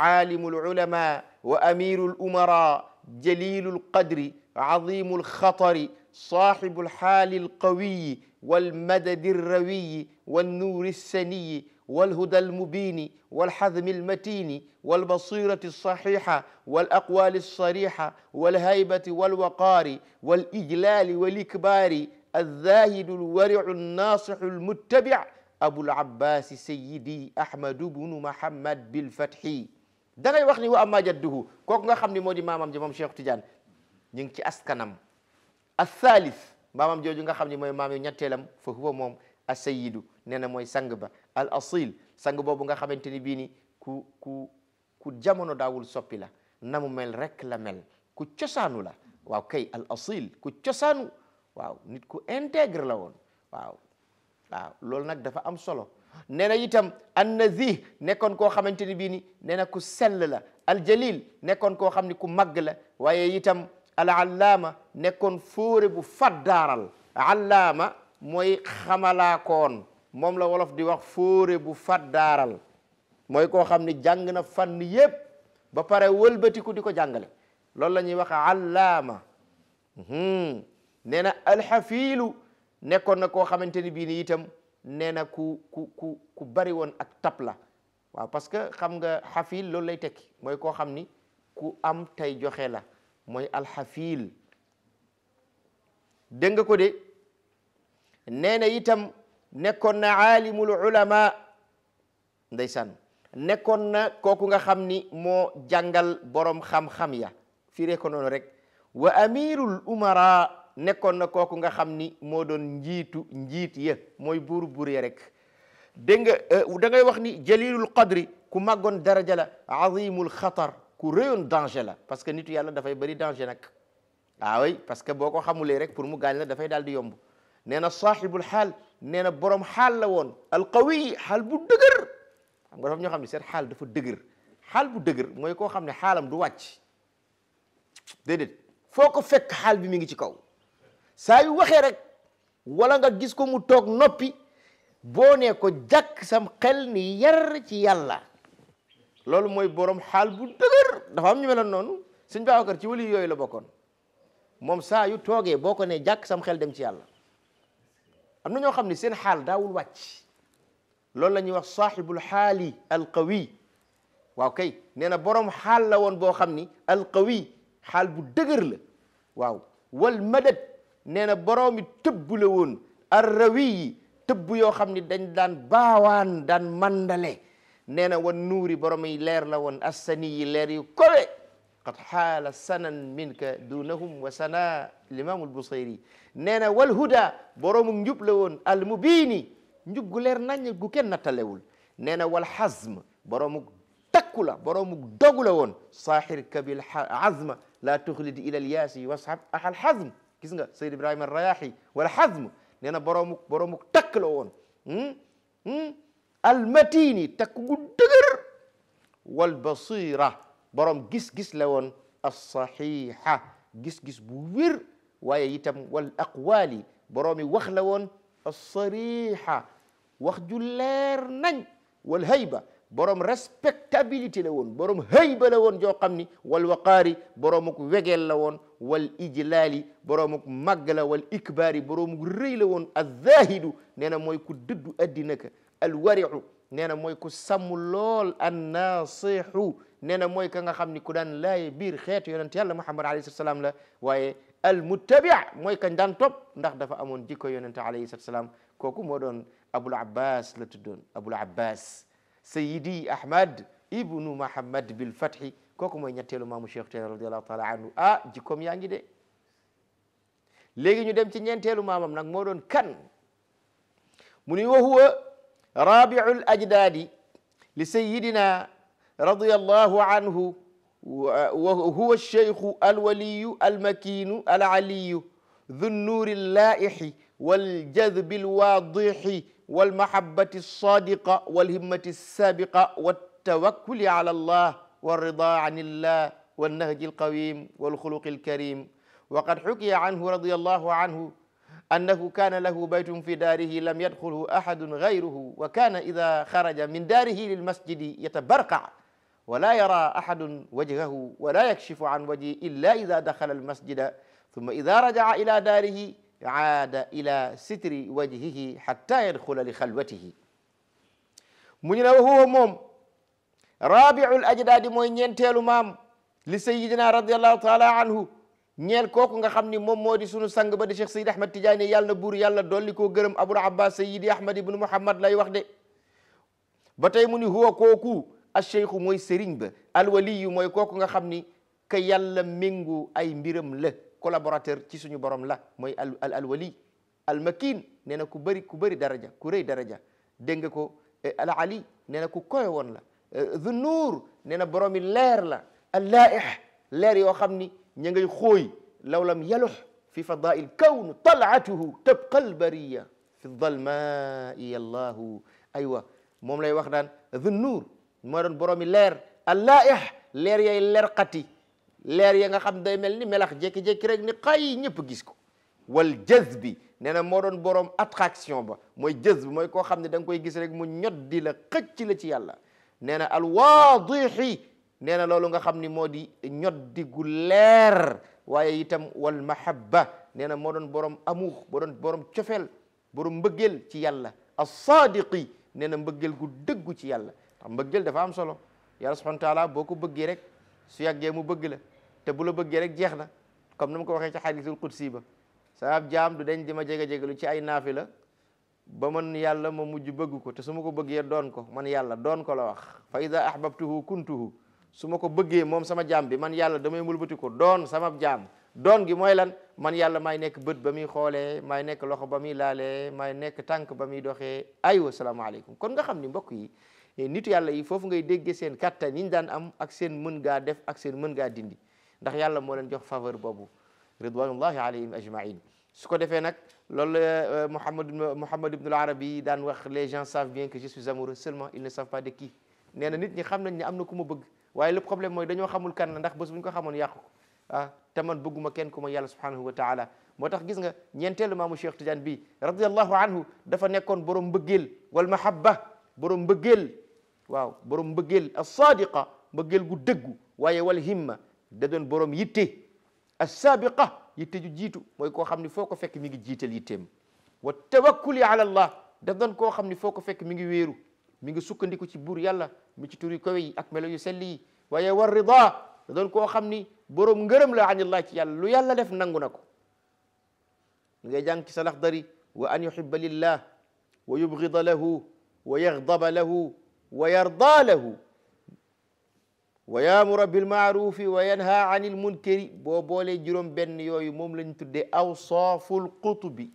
عالم العلماء وأمير الأمراء جليل القدر عظيم الخطر صاحب الحال القوي والمدد الروي والنور السني والهدى المبين والحزم المتين والبصيرة الصحيحة والأقوال الصريحة والهيبة والوقار والإجلال والإكبار الذاهد الورع الناصح المتبع أبو العباس سيدي أحمد بن محمد بالفتح da واخني هو أما جدّه amma jadduhu kooku nga xam شيخ تيجان ñu ngi ci askanam athaalis maamam jooju nga xam ne mooy maam yu ñetteelam fa huwa moom asayidu nee na mooy sang ba al asil sang boobu nga xamante ni bii ni ku ku ku jamono daawul soppi la na mu mel rek la mel ku cosaanu la waaw kay al asil ku cosaanu waaw nit ku integre la woon waaw waaw loolu nag dafa am solo nee na itam an nazih nekkoon koo xamante ni bii ni nee na ku sell la al jalil nekkoon koo xam ni ku màgg la waaye itam العلامه نكون فوري بو علامه موي خملا كون موم ولف دي واخ فوري بو موي كو خامني جانغنا فن ييب با بار ولبتي كو ديكو جانغالي ني واخ علامه هم نينا الحفيل نكون نكو خامنتيني بي ني نينا كو كو كو, كو باري وون اك تابلا وا باسكو خامغا حفيل لول لاي تيك موي كو خامني كو ام تاي جوخيلا moy al hafil nga ko de neena itam nekon na alimul ulama ndaysan nekon na koku nga xamni mo jàngal borom xam-xam ya re ko non rek wa amirul umara nekon na koku nga xamni mo don njitu njit njiit ya mooy bur buur ya rek deng da ngay wax ni jalilul qadri ku magon daraja la azimul khatar ku réyoon danger la parce que nitu yàlla dafay bëri danger nag ah oui parce que boo ko xamulee rek pour mu gaañ la dafay daal di yomb nee na saaxibul xaal nee na borom xaal la woon alqawi xaal bu dëgër xam nga dafa ñoo xam ne seen xaal dafa dëgër xaal bu dëgër mooy koo xam ne xaalam du wàcc déedéet foo ko fekk xaal bi mi ngi ci kaw saa yu waxee rek wala nga gis ko mu toog noppi boo nee ko jàkk sam xel ni yar ci yàlla loolu mooy borom xaal bu dëgër dafa am ñu meloon noonu sëñ Babacar ci wali yoy la bokkon mom sa yu toge boko ne jak sam xel dem ci yàlla am na ñoo xam seen xal daawul wàcc lool lañuy wax sahibul hali al qawi waaw kay neena borom xal la won bo xamni al qawi xal bu dëgër la waaw wal madad neena borom mi tëbb la woon arrawi yi tëbb yoo xam ni dañ daan baawaan daan mandale نانا ون نوري برمي لير لون السني ليري كوي قد حال سنن منك دونهم وسنا الإمام البصيري نانا والهدى بروم جبلون المبيني نجب غلير نانا غوكين نتلول نانا والحزم بروم تكولا بروم دوغلون صاحر كبير عزم لا تخلد إلى الياس واصحب أحل حزم كيسنغا سيد إبراهيم الرياحي والحزم نانا بروم بروم تكلون هم هم almatini takk gu dëgër wal basira borom gis-gis la woon alsaxiha gis bu wér waaye itam wal aqwaali boroomi wax la woon alsariha wax ju leer nañ wal hayba borom respectabilité la woon borom hayba woon joo xam ni wal waqaari boromuk wegeel la woon wal ijlaali boromuk màgg la wal ikbaari boromuk rëy la woon azzahidu nee na mooy ku dëddu addina ka alwariu nee na mooy ku sàmm lool annaasixu nee na mooy ka nga xam ni ku daan laay biir muhammad alayhi salatu salaam la waaye almuttabia mooy kañ daan topp ndax dafa amoon jikko yonent alayhi salatu abul abbas la abul abbas sayidi ahmad ibnu muhammad bil fathi kooku mooy ñetteelu maamu cheikh tene radiallahu taala ah jikkoom yaa ngi de léegi ñu dem ci ñeenteelu kan mu huwa رابع الأجداد لسيدنا رضي الله عنه وهو الشيخ الولي المكين العلي ذو النور اللائح والجذب الواضح والمحبة الصادقة والهمة السابقة والتوكل على الله والرضا عن الله والنهج القويم والخلق الكريم وقد حكي عنه رضي الله عنه أنه كان له بيت في داره لم يدخله أحد غيره وكان إذا خرج من داره للمسجد يتبرقع ولا يرى أحد وجهه ولا يكشف عن وجهه إلا إذا دخل المسجد ثم إذا رجع إلى داره عاد إلى ستر وجهه حتى يدخل لخلوته من هو موم رابع الأجداد rabiul ajdaadi مام لسيدنا رضي الله تعالى عنه ñeel kooku nga xam ni moom moo di sunu sang ba di Cheikh Seydi Ahmad Tidiane yàlla na buur yàlla dolli koo gërëm Abul Abbas Sayyidi Ahmad ibnu Muhammad lay wax de ba tey mu ni huwa kooku acheikhu mooy sëriñ ba alwaliyu mooy kooku nga xam ni que yàlla méngu ay mbiram la collaborateur ci suñu borom la mooy al al alwali almakin nee na ku bëri ku bëri daraja ku rëy daraja dégg nga ko eh, al ali nee na ku koy woon la eh, zunnuur nee na boromi leer la al laih leer yoo xam ni نيغي خوي لو لم يلح في فضاء الكون طلعته تبقى البرية في الظلماء يا الله ايوا موم لاي واخدان ذو النور مورن برومي لير اللائح لير يا اللرقتي لير يا خم داي ملني ملخ جيكي جيكي رك ني قاي نيب غيسكو والجذب نانا مورن بروم اتراكسيون با موي جذب موي كو خامني دا غيس رك مو نيود دي لا خيتش لا سي يالا نانا الواضح nee na nga xamni ni ñot di gu leer waye itam wal mahabba nee na borom amour moo borom ciofel borom mbeugel ci yalla as-sadiqi begil, mbeugel gu degg ci yalla ndax dafa am solo yalla subhanahu wa taala boko beugé rek su yagge mu beug la te bu la beugé rek jeex na comme nam ko waxe ci hadithul qudsi ba sahab jam du deñ di ma jege lu ci ay nafila ba man yalla ma mujj beug ko te donko ko bëggee ko man yalla don ko la wax fa iza ahbabtuhu kuntuhu su ma ko bëggee moom sama jaam bi man yàlla damay mulbati ko doon sama jaam doon gi mooy lan man yàlla maay nekk bët ba muy xoolee maay nekk loxo ba muy laalee maay nekk tànk ba muy doxee aywa salaamaaleykum kon nga xam ni mbokk yi eh, nitu yàlla yi foofu ngay déggee seen kattan yi ñu daan am ak seen mën gaa def ak mën gaa dindi ndax yàlla moo leen jox faveur boobu ridwanullahi alayhim ajmain su ko defee nag loolu la euh, Muhammad Muhammad ibnul Arabi daan wax les gens savent bien que je suis amoureux seulement ils ne savent de qui nee na nit ñi xam nañ ne am na ku ma bëgg waaye le problème mooy dañoo xamul kan la ndax bés bu ñu ko xamoon yàqu ko ah te man bëgguma kenn ku ma yàlla subhanahu wa taala moo tax gis nga ñeenteelu maamu Cheikh Tidiane bi radiallahu anhu dafa nekkoon borom mbëggeel wal mahabba borom mbëggeel waaw borom mbëggeel as sadiqa mbëggeel gu dëggu waaye wal himma da doon borom yitte as sabiqa yitte ju jiitu mooy koo xam ni foo ko fekk mi ngi jiital yitteem wa tawakkuli ala allah da doon koo xam ni foo ko fekk mi ngi wéeru mi ngi sukkandiku ci buur yàlla mi ci turi kawe yi ak melo yu sell yi waaye wa rida da doon koo xam ni boroom ngërëm la anillah ci yàlla lu yàlla def nangu na ko mi ngay jàng ci salax dari wa an yuhibba lillah wa yubgida lahu wa yaghdaba lahu wa wa yaamura bilmaarufi wa yanha anil munkari boo boolee juróom benn yooyu moom lañ tuddee awsaaful qutubi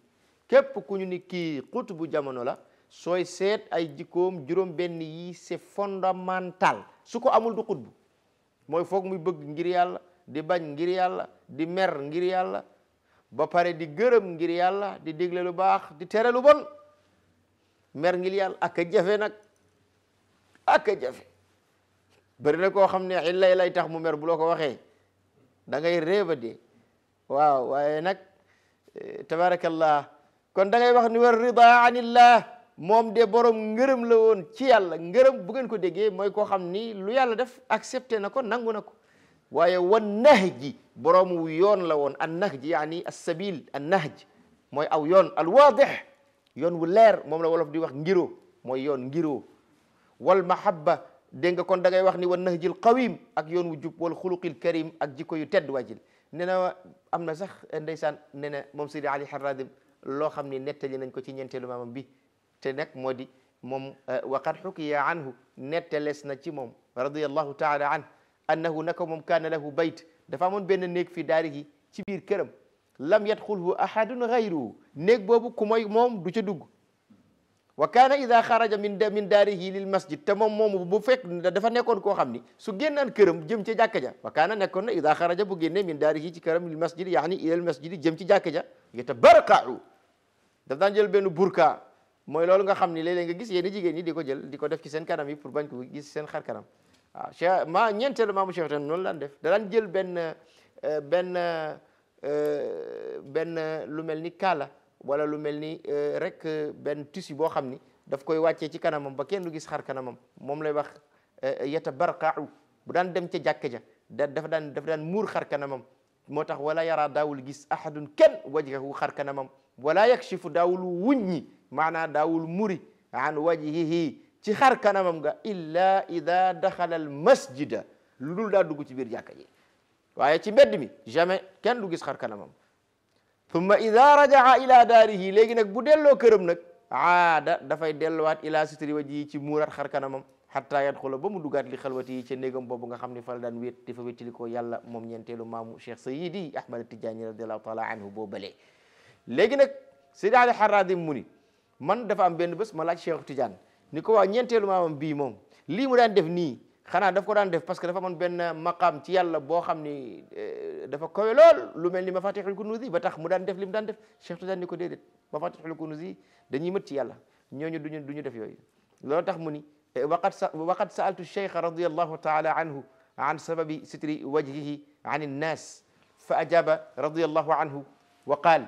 képp ku ñu ni kii qutubu jamono la soy set ay jikom juróom benn yi c'est fondamental suko amul du khutbu moy foog muy bëgg ngir yalla di bañ ngir yalla di mer ngir yalla ba paré di gëreum ngir yalla di digle lu bax di téré lu bon mer ngir yalla ak jafé nak ak jafé bari na ko xamné illay lay tax mu mer bu loko waxé da ngay réeba dé waaw wayé nak eh, tabarakallah kon da ngay wax ni war rida anillah moom de borom ngërëm la woon ci yàlla ngërëm bu ngeen ko déggee mooy koo xam ni lu yàlla def accepté na ko nangu na ko waaye wan nahji boroomu yoon la woon an nahji yaani assabil an nahj mooy aw yoon al waadix yoon wu leer moom la wolof di wax ngiro mooy yoon ngiro wal mahabba dégg nga kon dagay wax ni wan nahji al qawim ak yoon wu jub wal xuluqil karim ak jikko yu tedd wajil nee na am na sax ndeysaan nee na moom Sidi Ali Haradim loo xam ni nettali nañ ko ci ñeenteelu maamam bi تنك مودي مم وقد حكي عنه نتلس نجمم رضي الله تعالى عنه أنه نكم كان له بيت دفعون بين النك في داره كبير كرم لم يدخله أحد غيره نك بابو كماي مم دوجدوج وكان إذا خرج من من داره للمسجد تمام مم بوفك دفع نكون كو خامني سجينا الكرم جم تجاك جا وكان نكون إذا خرج بجنة من داره كرم للمسجد يعني إلى المسجد جم تجاك جا يتبركعو دفع نجل بينو بركة mooy loolu nga xam ni léeg-léeg nga gis yéen jigéen ñi di ko jël di ko def ci seen kanam yi pour bañ ko gis seen xar kanam waaw Cheikh ma ñeenteelu maamu Cheikh tan noonu laan def da daan jël benn euh, benn euh, benn lu mel ni kaala wala lu mel ni euh, rek benn tissu boo xam ni daf koy wàccee ci kanamam ba kenn du gis xar kanamam moom lay wax yata barqaaw bu daan dem ca jàkka ja da dafa daan dafa daan muur xar kanamam moo tax wala yaraa daawul gis ahadun kenn wajhahu xar kanamam wala yakshifu daawul wuññi maanaa daawul muri an wajhihi ci xar kanamam ga illa ida daxala al masjida lu dul daa dugg ci biir jàkka ji waaye ci mbedd mi jamais kenn du gis xar kanamam thumma ida rajaa ila daarihi léegi nag bu delloo këram nag aada dafay delluwaat ila sitri wajhihi ci muuraat xar kanamam xatta yadxula ba mu dugaat li xalwati yi ca néegam boobu nga xam ne fala daan wéet dafa wéttali ko yàlla moom ñeenteelu maamu cheikh sayidi ahmad tijaani radiallahu taala anhu boo balee léegi nag sidi ali harradim mu ni man dafa am benn bés ma laaj Cheikh Tidiane ni ko waaw ñeenteelu maamam bii moom lii mu daan def nii xanaa daf ko daan def parce que dafa amoon benn maqaam ci yàlla boo xam ni eh, dafa kowe lool lu mel ni nu kunuzi ba tax mu daan def li mu daan def Cheikh Tidiane ni ko déedéet mafatixul kunuzi dañuy mët ci yàlla ñooñu duñu duñu def yooyu loolu tax mu ni eh, waqad sa waqad saaltu cheikh radiallahu taala anhu an sababi sitri wajhihi an innas fa ajaba radiallahu anhu wa qaal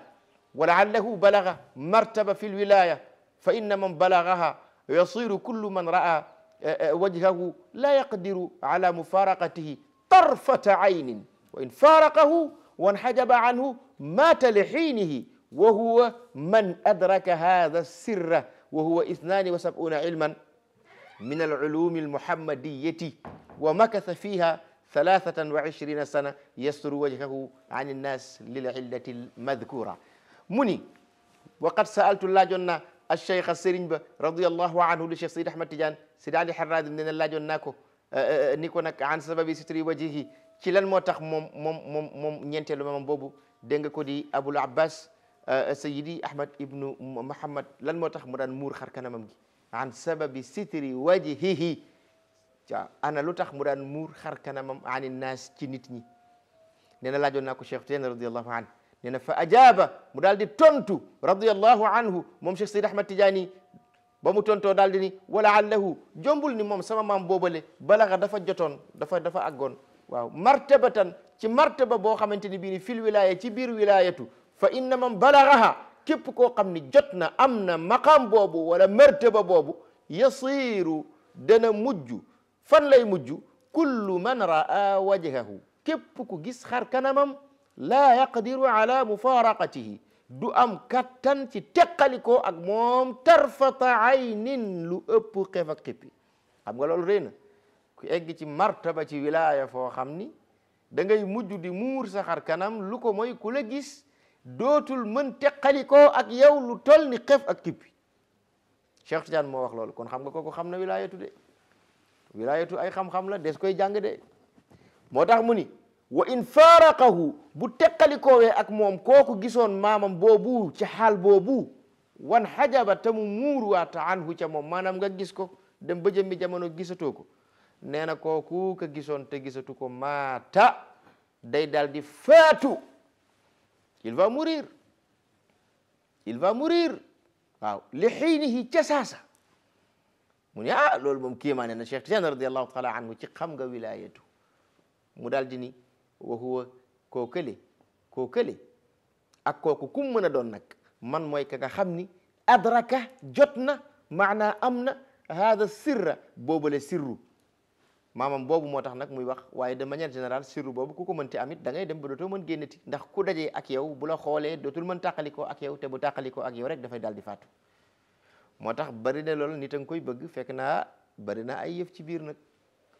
ولعله بلغ مرتبة في الولاية فإن من بلغها يصير كل من رأى آه، آه، وجهه لا يقدر على مفارقته طرفة عين وإن فارقه وانحجب عنه مات لحينه وهو من أدرك هذا السر وهو 72 علما من العلوم المحمدية ومكث فيها 23 سنة يستر وجهه عن الناس للعلة المذكورة mu ni wa qad saaltu laajoon naa alcheikha sëriñ ba radiallahu anhu li cheikh sayid ahmad tidiane sid ali harradim nee na ko ni ko an sababi sitri wajihi ci lan moo mom mom moom mom moom ñeenteelu maamam boobu nga ko di abul abbas sayidi ahmad ibn muhammad lan moo tax mu daan muur xar kanamam gi an sababi sitri wajihihi waaw ana lu mu daan muur xar kanamam anin nas ci nit ñi nee na laajoon ko cheikh tidiane radiallahu anhu nee na fa ajaaba mu daal di tontu radiallahu anhu moom Cheikh Seydi Ahmad Tidiane ba mu tontoo daal di ni walaallahu jombul ni moom sama maam boobale balaxa dafa jotoon dafa dafa àggoon waaw martabatan ci martaba boo xamante ni bii ni fil wilaya ci biir wilayatu fa inna man balagaha képp koo xam ni jot na am na maqam boobu wala martaba boobu yasiiru dana mujj fan lay mujj kullu man raa wajhahu képp ku gis xar kanamam laa yaqdiru ala mufaraqatihi du am kattan ci teqalikoo ak moom tarfata aynin lu ëpp xef ak xippi xam nga loolu rëy na ku egg ci martaba ci wilaaya foo xam ni dangay ngay mujj di mur saxar kanam lu ko mooy ku la gis dootul mën teqalikoo ak yow lu tol ni xef ak xippi Cheikh Tidiane moo wax loolu kon xam nga kooku xam na wilaayatu de wilaayatu ay xam-xam la des koy jàng de moo tax mu ni wa in faaraqahu bu teqalikoowee ak moom kooku gisoon maamam boobu ci xaal boobu wan xajaba te mu muuru waata anhu ca moom maanaam nga gis ko dem ba jëmmi jamono gisatoo ko nee na kooku ka gisoon te gisatu ko maata day daal di faatu il va mourir il va mourir waaw li ca saasa mu ne ah loolu moom kiimaa ne na Cheikh Tijaan radiallahu taala anhu ci xam nga wilayatu mu daal di ni wa huwa koo kële koo kële ak kooku kum mën a doon nag man mooy ka nga xam ni adraka jot na maanaa am na haada sirra boobale sirru maamam boobu moo tax nag muy wax waaye de manière générale sirru boobu ku ko mënti amit dangay ngay dem ba dootoo mën génnati ndax ku daje ak yow bu la xoolee dootul mën tàqalikoo ak yow te bu tàqalikoo ak yow rek dafay daal di faatu moo tax bari na loolu nit a nga koy bëgg fekk naa bari na ay yëf ci biir nag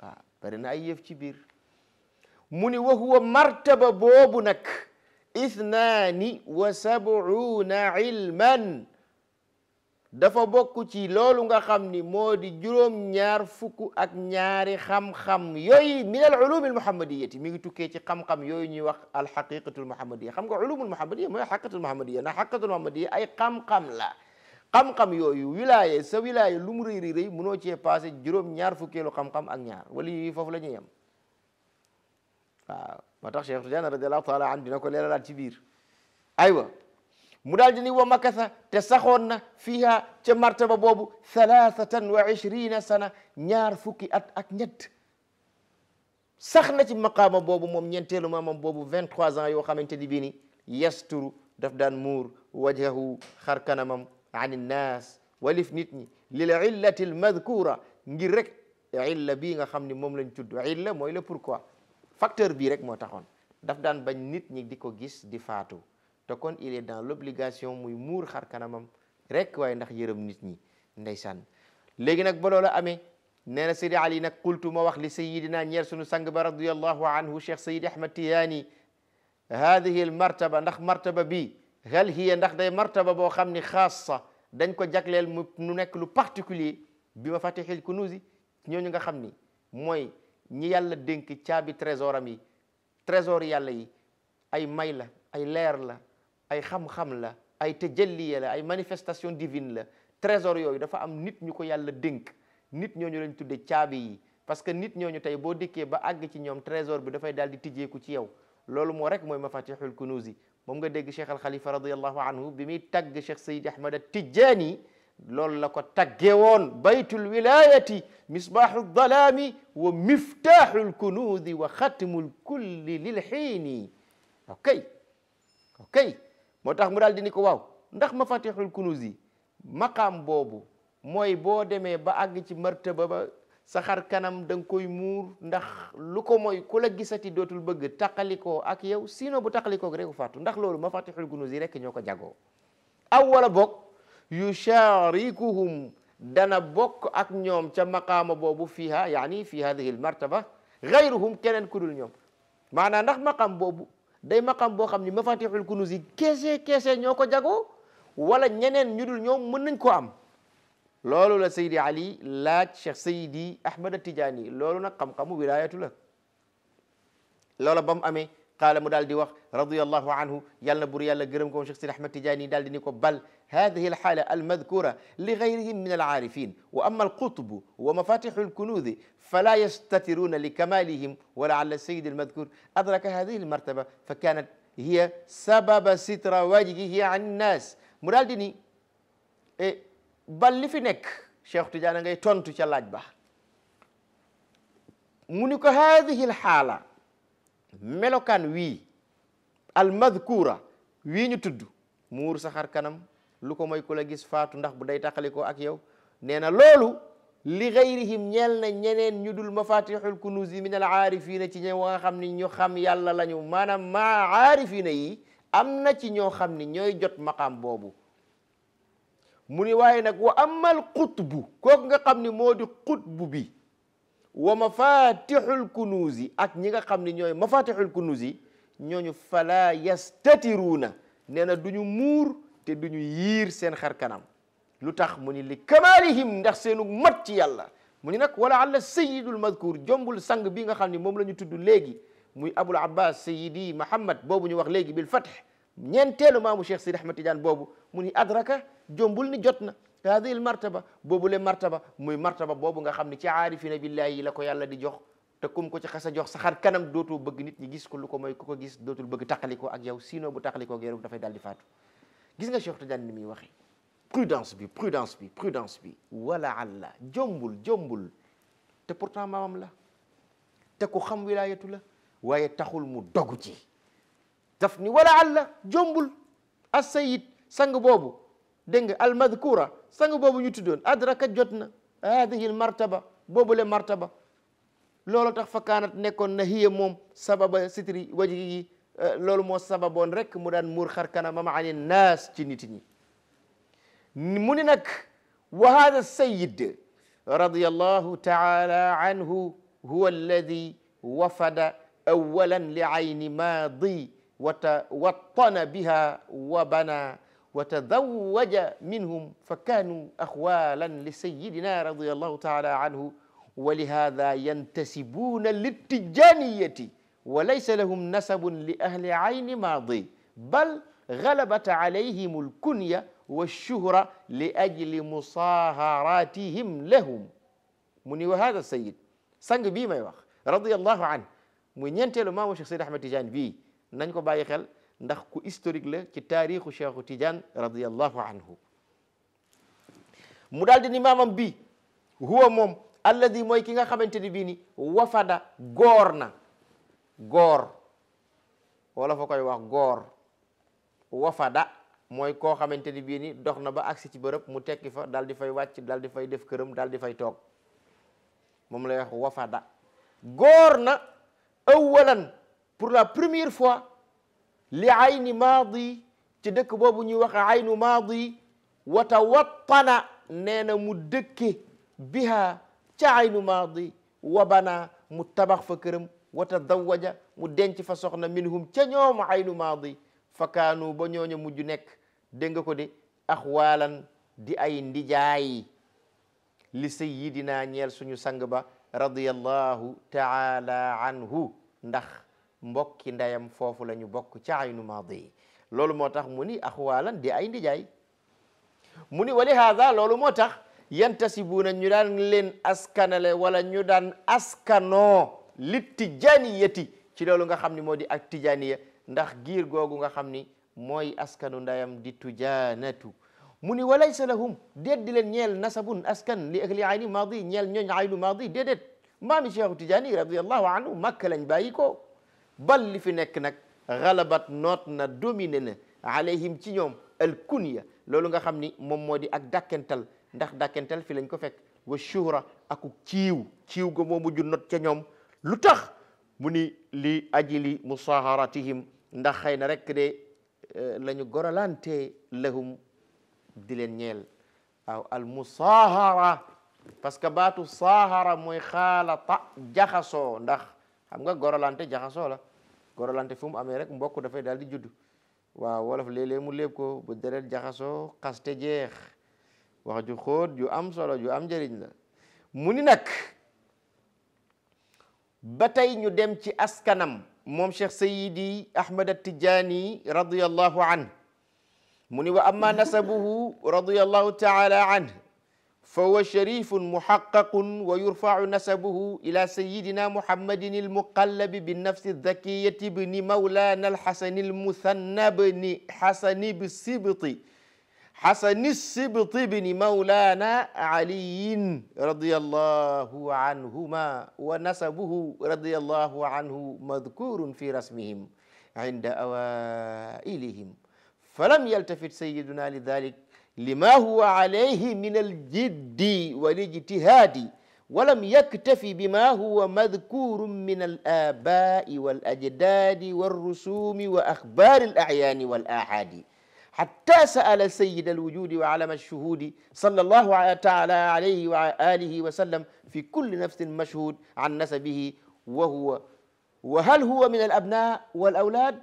waaw bari na ay yëf ci biir mu ni wa huwa martaba boobu nag ithnaani wa sabuuna ilman dafa bokk ci loolu nga xam ni moo di juróom-ñaar fukk ak ñaari xam-xam yooyu min al ulumil muhammadiyati mi ngi tukkee ci xam-xam yooyu ñuy wax alxaqiqatul muhammadiya xam nga ulumul muhammadiya mooy xaqiqatul muhammadiya ndax xaqiqatul muhammadiya ay xam-xam la xam-xam yooyu wilaaye sa wilaaye lu mu rëy rëy mënoo cee passé juróom-ñaar fukkeelu xam ak ñaar wala yii foofu la ñuy yem ما شيخ سفيان رضي الله تعالى عنه نقول لا لا تبير أيوة مدالجني ومكث تسخون فيها تمرتبة بوبو ثلاثة وعشرين سنة نيار فكي أت أكنت سخنة مقام بوبو مم ينتلو مم بوبو 23 ans يوخامن تدبيني يستر دفدان مور وجهه خركنا مم عن الناس walif nit ñi lil illati al madhkura ngir rek illa bii nga xam ni lañ tudd illa mooy la pourquoi facteur bi rek mo taxone daf daan bañ nit ñi di gis di faatu te kon il est dans l'obligation muy mur xar kanamam rek way ndax yeureum nit ñi ndaysan legi nak bo amé neena sayyid ali nak qultu ma wax li sayyidina ñeer suñu sang ba radiyallahu anhu cheikh sayyid ahmed Tiyani. hadihi al martaba ndax martaba bi hal hiya ndax day martaba bo xamni Dan dañ ko jagleel mu nu nekk lu particulier bima fatihil kunuzi ñooñu nga xamni moy ñi yàlla dénk caabi trésor am yi trésor yàlla yi ay may la ay leer la ay xam-xam la ay tëjalliya la ay manifestation divine la trésor yooyu dafa am nit ñu ko yàlla dénk nit ñooñu lañ tudde caabi yi parce que nit ñooñu tey boo dikkee ba àgg ci ñoom trésor bi dafay daal di tijjeeku ci yow loolu moo rek mooy mafatixul kunuusi moom nga dégg cheikh al xalifa radiallahu anhu bi muy tagg cheikh sayid ahmad tijjaani loolu la ko tagge woon baytul wilayati misbahu ldalaami wa miftahu lkunuudi wa xatmu lkulli lilxiini ok ok moo tax mu daal di ni ko waaw ndax mafatihu lkunuuz yi maqaam boobu mooy boo demee ba àgg ci martaba ba saxar kanam da koy muur ndax lu ko mooy ku la gisati dootul bëgg taqalikoo ak yow sinon bu taqalikoo rek faatu ndax loolu mafatihul kunuuz yi rek ñoo ko jagoo aw yu yusharikuhum dana bokk ak ñoom ca maqaama boobu fiha yaani fi hadihi al martaba gayruhum kenen ku dul ñoom maanaam ndax maqam boobu day maqam boo xam ni mafatihul kunuz yi keese keese ñoo ko jagoo wala ñeneen ñu dul ñoom mën nañ ko am loolu la Seydi Ali laaj Cheikh Seydi Ahmad Tijaani loolu nag xam-xamu wilaayatu la loola ba mu amee قال مدال دي وخ رضي الله عنه يلا بور يلا قرم كون شخصي أحمد تجاني دال دي نيكو بل هذه الحالة المذكورة لغيرهم من العارفين وأما القطب ومفاتيح الكنوز فلا يستترون لكمالهم ولعل السيد المذكور أدرك هذه المرتبة فكانت هي سبب ستر وجهه عن الناس مدال ديني إيه بل لي في نك شيخ تجانا غي تونتو شلاج با هذه الحاله melokaan wii almadkura wii ñu tudd mu wur xar kanam lu ko mooy ku la gis faatu ndax bu day ko ak yow nee na loolu li gayrihim ñeel na ñeneen ñu dul mafatixul kunuz yi min al aarifina ci ñoom wa nga xam ni ñu xam yàlla lañu maanaam maa aarifina yi am na ci ñoo xam ni ñooy jot maqaam boobu mu ni waaye nag wa amal qutbu kooku nga xam ni moo di qutbu bi wa mafatixul kunuuz yi ak ñi nga xam ne ñooy mafatixul kunuuz yi ñooñu fala yastatiruuna nee na du ñu muur te du ñu yiir seen xar kanam lu tax mu ni li kamaalihim ndax seenu mat ci yàlla mu ni nag wala alla sayidul mazkur jombul sang bii nga xam ne moom la ñu tudd léegi muy abul abbas sayidi mahamad boobu ñu wax léegi bil fatx ñeenteelu maamu cheikh sidi ahmad tidiane boobu mu ni adraka jombul ni jot na hadihi l martaba boobule martaba muy martaba boobu nga xam ne ci aarifina billahi la ko yàlla di jox te kum ko ci xasa jox saxar kanam dootoo bëgg nit ñi gis ko lu ko mooy ku ko gis dootul bëgg taqalikoo ak yow sinon bu taqalikoo ak yow dafay daal di faatu gis nga Cheikh Tidiane ni muy waxee prudence bi prudence bi prudence bi wala allah jombul jombul te pourtant maamam la te ku xam wilayatu la waaye taxul mu dogu ci daf ni wala allah jombul as sayid sang boobu dégg nga almadkura sang boobu ñu tuddoon adraka jot na hadihi martaba boobule martaba loolu tax fa kaanat nekkoon na hiya moom sababa sitri waji yi euh, loolu moo sababoon rek mu daan muur xar kanamam ani naas ci nit ñi mu ni nag wa hada sayid radiyallahu taala anhu huwa alladi wafada awalan li ayni maadi watawatana biha wa bana وتزوج منهم فكانوا أخوالا لسيدنا رضي الله تعالى عنه ولهذا ينتسبون للتجانية وليس لهم نسب لأهل عين ماضي بل غلبت عليهم الكنية والشهرة لأجل مصاهراتهم لهم من وهذا السيد سانغ بي ما رضي الله عنه من an ما ñeenteelu maamu Cheikh Seydi Ahmed Tidiane bii nañ ko ndax ku historique la ci taarixu cheikhu tidiane radiallahu anhu mu daal ni maamam bi huwa moom alladi mooy ki nga xamante ni bii ni wafada goor na góor wala fa koy wax góor wafada mooy koo xamante ni bii ni dox na ba agsi ci bërëb mu tekki fa daal di fay wàcc daal di fay def këram daal di fay toog moom lay wax wafada góor na awalan pour la première fois li ayni maadi ci dëkk boobu ñuy wax aynu maadi wata wattana nee na mu dëkke biha ca aynu maadi wa bana mu tabax fa këram wata dawaja mu denc fa soxna minhum ca ñoom aynu maadi fa kaanu ba ñooñu mujj nekk dégg nga ko de axwaalan di ay ndijaay li sayidina ñeel suñu sang ba radiyallahu taala anhu ndax mbokki ndeyam foofu la ñu bokk ca aynu maadi loolu moo tax mu ni axwaalan di ay ndijaay mu ni wali haada loolu moo tax yantasibuuna ñu daan leen askanale wala ñu daan askanoo li tijaniyati ci loolu nga xam ni moo di ak tijaniya ndax giir googu nga xam ni mooy askanu ndayam di tujaanatu mu ni walaysa lahum déet di leen ñeel nasabun askan li ahli ayni maadi ñeel ñooñ aynu maadi déedéet maami cheikhu tijani radiallahu anhu makka lañ bàyyi ko bal li fi nekk nag xalabat noot na dominé na alayhim ci ñoom al kunya loolu nga xamni mom modi ak dakental ndax dakental fi lañ ko fek wa shura ak ciiw ciiw go momu ju not ca ñom lutax muni li ajili musaharatihim ndax xeyna rek de lañu goralante lahum di len ñeel aw al musahara parce que baatu sahara moy khalata jaxaso ndax xam nga goralante jaxaso la korolante fu mu amee rek mbokk dafay daal di judd waaw wolof léeg mu léeb ko bu deret jaxasoo xaste jeex wax ju xóot ju am solo ju am njëriñ la mu ni nag ba tey ñu dem ci askanam moom cheikh sayidi ahmad attijaani radiallahu an mu ni wa amma nasabuhu radiallahu taala anh فهو شريف محقق ويرفع نسبه إلى سيدنا محمد المقلب بالنفس الذكية بن مولانا الحسن المثنى بن حسن بالسبط حسن السبط بن مولانا علي رضي الله عنهما ونسبه رضي الله عنه مذكور في رسمهم عند أوائلهم فلم يلتفت سيدنا لذلك لما هو عليه من الجد والاجتهاد ولم يكتفي بما هو مذكور من الآباء والأجداد والرسوم وأخبار الأعيان والآحاد حتى سأل سيد الوجود وعلم الشهود صلى الله تعالى عليه وآله وسلم في كل نفس مشهود عن نسبه وهو وهل هو من الأبناء والأولاد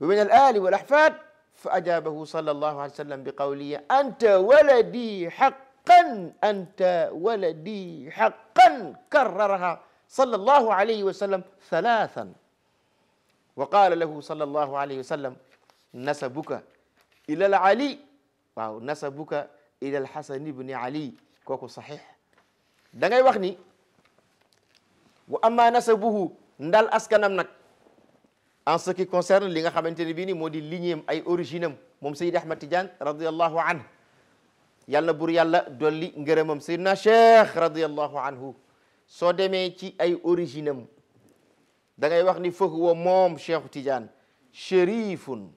ومن الآل والأحفاد فأجابه صلى الله عليه وسلم بقوله أنت ولدي حقا أنت ولدي حقا كررها صلى الله عليه وسلم ثلاثا وقال له صلى الله عليه وسلم نسبك إلى العلي waaw نسبك إلى الحسن بن علي كوكو صحيح دعني ngay وأما نسبه wa amma nasabuhu en ce qui concerne li nga xamante ne bii ni moo di lignéem ay origine am moom Seydi Ahmad Tidiane radiallahu anhu yàlla na bur yàlla dolli ngërëmam Seydina Cheikh radiallahu anhu soo demee ci ay origine am da ngay wax ni foog wa moom Cheikh Tidiane chérifun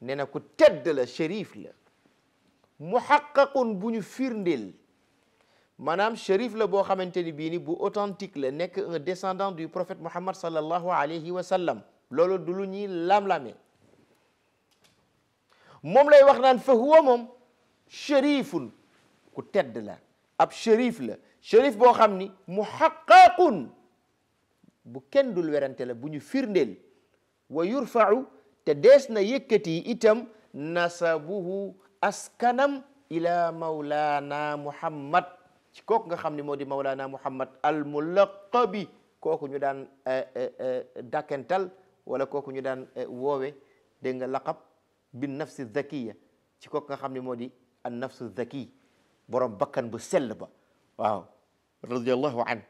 ne na ku tedd la chérif la muhaqqaqun bu ñu firndeel maanaam chérif la boo xamante ni bii ni bu authentique la nekk un descendant du prophète Muhammad sallallahu alayhi wa sallam lolo du lu ñuy lam-lame mom lay wax nan fa huwa mom sharifun ku tedd la ab sharif la sharif bo xamni muhaqqaqun bu kenn dul werante la bu ñu firndeel wa yurfau te des na yekati itam nasabuhu askanam ila maulana muhammad ci kok nga xamni modi maulana muhammad al mulaqabi kooku ñu daan dakkental wala kooku ñu daan eh, woowe dégg nga laqab bi nafsi zakiya ci kooku nga xam ne moo di an nafsu zaki borom bakkan bu sell ba waaw radiallahu an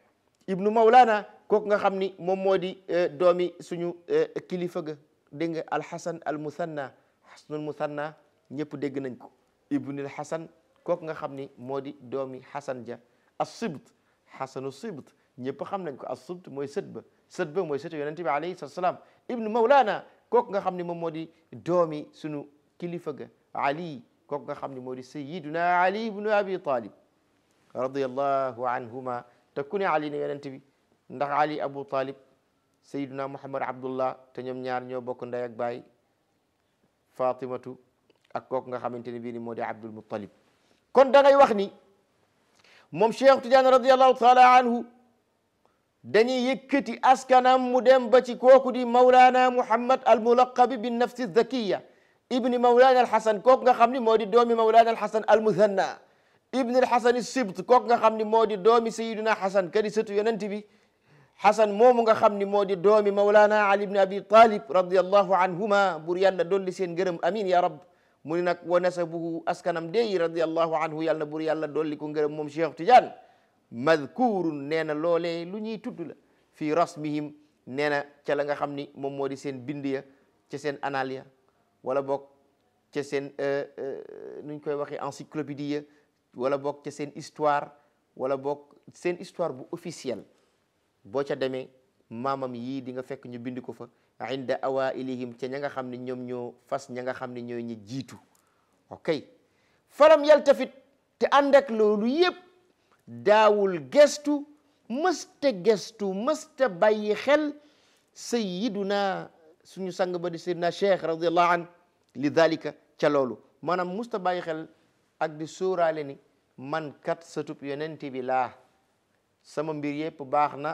ibnu mawlana kooku nga xam ni moom moo di eh, doomi suñu eh, kilifa ga dégg nga alxasan al musanna xasnul musanna ñëpp dégg nañ ko ibnul xasan kooku nga xam ni moo di doomi xasan ja asibt xasanu sibt ñëpp xam nañ ko asibt mooy sët ba sët ba mooy sëtu yonente bi alayhi salaam ibnu Mawlana kooku nga xam ne moom moo sunu kilifa ga Ali kooku nga xam ne moo Ali ibnu Abi Talib radiyallahu anhuma te ku ne Ali ne yonent bi ndax Ali Abu Talib sayiduna Muhammad Abdullah te ñoom ñaar ñoo bokk ndey ak baay Fatimatu ak kooku nga xamante ne ni moo di Abdul Muttalib kon da ngay wax ni moom Cheikh Tidiane radiyallahu taala anhu داني يكتي أسكنام مدام باتي كوكو دي مولانا محمد الملقب بالنفس الذكية ابن مولانا الحسن كوك نغا خامني مودي مولانا الحسن المثنى ابن الحسن السبت كوك نغا خامني مودي سيدنا حسن كدي ستو يوننتي حسن مومو نغا خامني مودي دومي مولانا علي بن ابي طالب رضي الله عنهما بور يالنا دولي سين غرم امين يا رب مولي نك ونسبه اسكنام دي رضي الله عنه يالنا بور يالنا دولي كون غرم موم شيخ madhkurun Nena lole lu ñuy tudd la fii rasmihim nee ci la nga xamni mom modi moo di seen bind ya ca seen anal ya wala boog euh, euh, nuñ koy waxe encyclopédie ya, wala bok ci seen histoire wala bok seen histoire bu officiel bo ca Mama mamam yi di nga fekk ñu bind ko fa inda awailihim ci nga xamni ñom ñoo fas nga xamni ñoy ñi jitu okay falam yaltafit te andak lolu daawul gëstu mësta gëstu mësta bàyyi xel sayiduna suñu sang ba di sayiduna cheikh radiallahu an li dalika ca loolu maanaam mësta bàyyi xel ak di sóoraale ni man kat satub yonent bi laa sama mbir yépp baax na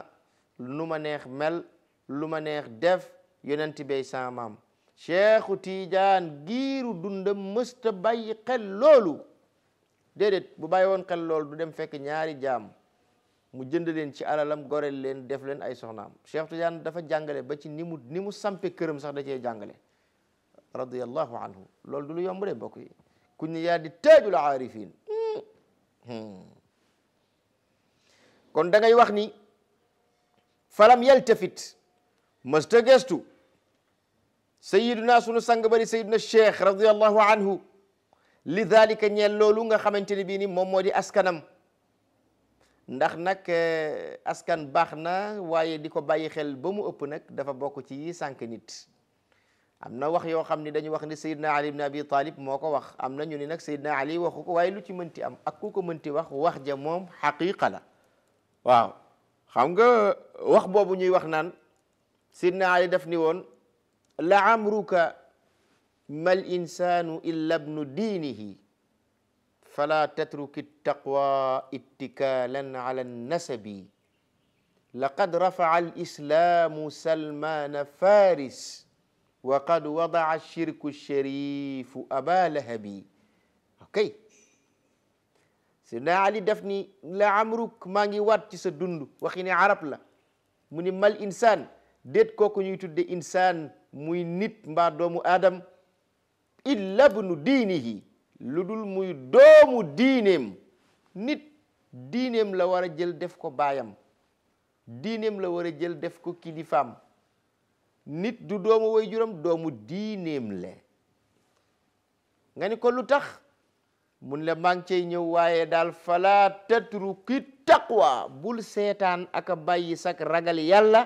lu ma neex mel lu ma neex def yonent bay saamaam cheikhu tiijaan giiru dundam mësta bàyyi xel loolu déedéet bu bàyyi woon xel lool du dem fekk ñaari jaam mu jënd leen ci alalam goreel leen def leen ay soxnaam Cheikh Tidiane dafa jàngale ba ci ni mu ni mu sampe këram sax da cee jàngale radiyallahu anhu lool du lu yomb de yi ku ñu yaa di taajul aarifin kon da ngay wax ni falam yaltafit mësta gestu sayiduna sunu sang bari sayiduna cheikh radiyallahu anhu li dalika ñeel loolu nga xamante ne bii ni moom moo di askanam ndax nag eh, askan baax na waaye di ko bàyyi xel ba mu ëpp nag dafa bokk ci yi sànq nit am na wax yoo xam ni dañu wax ni Seydina Ali ibn Abi Talib moo ko wax am na ñu ni nag Seydina Ali waxu waaye lu ci mënti am ak ku ko mënti wax wax ja moom xaqiqa la waaw xam nga wax boobu ñuy wax naan Seydina Ali def ni woon la amruka ما الإنسان إلا ابن دينه فلا تترك التقوى اتكالا على النسب لقد رفع الإسلام سلمان فارس وقد وضع الشرك الشريف أبا لهب أوكي سيدنا علي دفني لا عمرك ما نجي وات سا دوند وخيني عرب لا من مال إنسان ديت كوكو نيوتو دي إنسان muy نيت mbaa دومو آدم illa bnu diinihi lu dul muy doomu diineem nit diineem la war a jël def ko baayam diineem la war a jël def ko kilifaam nit du doomu way juram doomu diineem le nga ni ko lu tax mun la maa ngi ñëw waaye daal fala tatruki taqwa bul seetaan aka bàyyi sak ragal yàlla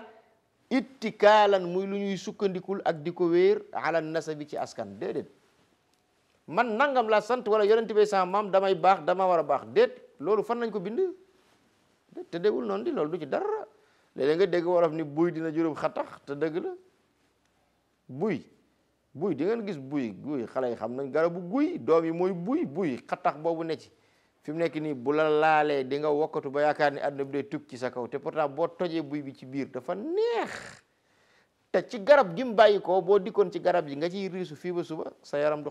ittikaalan muy lu ñuy sukkandikul ak di ko wéer ala nasabi ci askan déedéet man nangam la sante wala yonent bi sa mam damay bax dama wara bax det lolou fan nañ ko bind te déggul non di lolou du ci dara léeg nga deg wolof ni buy dina jurum khatax kan te dëgg la buy buy di ngeen gis buy buy xale xam nañ garabu guy domi moy buy buy khatax bobu ne ci fim nek ni bu la laalee di nga wokatu ba yakar ni adna bude tuk ci sa kaw te pourtant bo tojee buy bi ci biir dafa neex te ci garab gi mbayiko bo dikon ci garab yi nga ci risu fi ba suba sa yaram du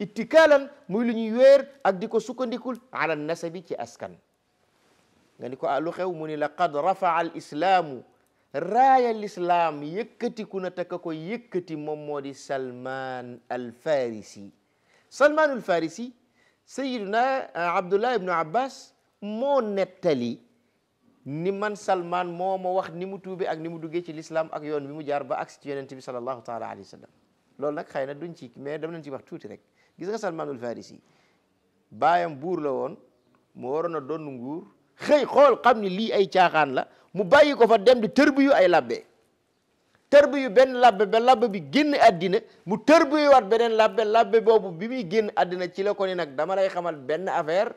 ittikaalan muy luñu wër ak diko sukkandikul ala nasabi ci askan nga ni ko ah xew muni la qad rafaa al islam raya al islam yekati kuna ka ko yëkkati moom moo salman al farisi salman al farisi sayyidina abdullah ibn abbas mo netali ni man salman moo wax ni mu tuubi ak ni mu duggé ci l'islam ak yoon bi mu jaar ba ak ci yenenbi bi sallallahu taala alayhi wasallam sallam nak nag duñ ci mais dam nañ ci wax tuuti rek gis nga salmaanul farisi baayam buur la woon mu waroon a doon nguur xëy xool xam ni lii ay caaxaan la mu bàyyi ko fa dem di tërbiyu ay labbe tërbiyu benn labbe ba labbe bi génn àddina mu tërbiyu waat beneen labbe labbe boobu bi muy génn àddina ci la ko ni nag dama lay xamal benn affaire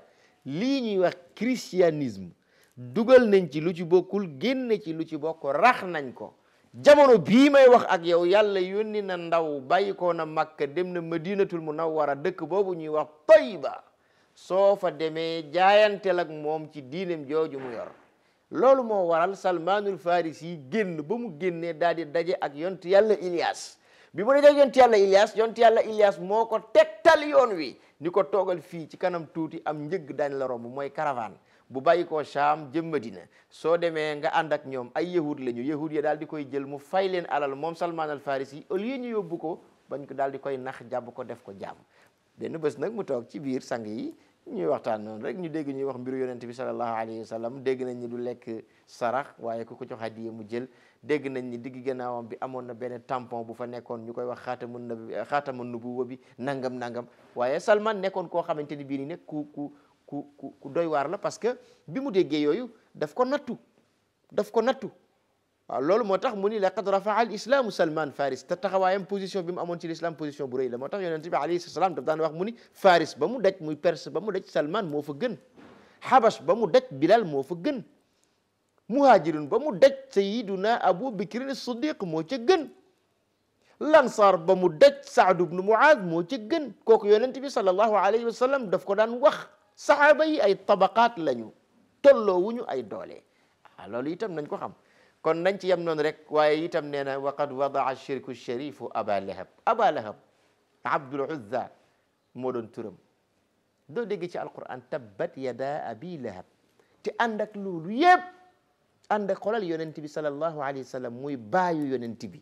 lii ñuy wax christianisme dugal nañ ci lu ci bokkul génn ci lu ci bokk rax nañ ko jamono bii may wax ak yow yàlla yónni na ndaw bàyyi ko na Makka dem na madinatul munawwara dëkk boobu ñuy wax Tayba soo fa demee jaayantel ak moom ci diinem jooju mu yor loolu moo waral salmaanul faris yi génn ba mu génnee daal di daje ak yont yàlla Ilias bi moo daje ak yont yàlla Ilias yont yàlla Ilias moo ko tegtal yoon wi ni ko toogal fii ci kanam tuuti am njëgg daañ la romb mooy caravane bu bàyyi koo Cham jëm Madina soo demee nga ànd ak ñoom ay yahud lañu yahud ya daal di koy jël mu fay leen alal moom Salman al Farisi au lieu ñu yóbbu ko bañ ko daal di koy nax jàpp ko def ko jaam benn bés nag mu toog ci biir sang yi ñuy waxtaan rek ñu dégg ñuy wax mbiru yonent bi sallallahu alayhi wa sallam dégg nañ ni du lekk sarax waaye ku ko jox hadiya mu jël dégg nañ ni digg gannaawam bi amoon na benn tampon bu fa nekkoon ñu koy wax xaatamun nabi xaatamun nubuwa bi nangam nangam koo xamante ni bii nii nag ku ku ku ku doy waar la parce que bi mu déggee yooyu daf ko nattu daf ko nattu waaw loolu moo tax mu ni laqad rafaa al islaamu salman faris te taxawaayam position bi mu amoon ci l'islam position bu rëy la moo tax yonent bi alayhi salaam daf daan wax mu ni faris ba mu daj muy perse ba moo fa gën xabas ba mu daj bilal moo fa gën muhajirun ba mu daj sayiduna abu bikrin siddiq moo ca gën lansaar ba mu daj saad ibnu muaad moo ca gën kooku yonent bi sallallahu alayhi wa sallam daf ko daan wax saxaaba yi ay tabaqaat lañu tolloo wuñu ay doole ah loolu itam nañ ko xam kon nañ ci yem noonu rek waaye itam nee na waqad wadaa shirku sharifu aba lahab aba lahab abdul uzza moo doon turam doo dégg ci alquran tabbat yada abi lahab te ànd ak loolu yépp ànd ak xolal yonent bi sallallahu alayhi wa sallam muy baayu yonent bi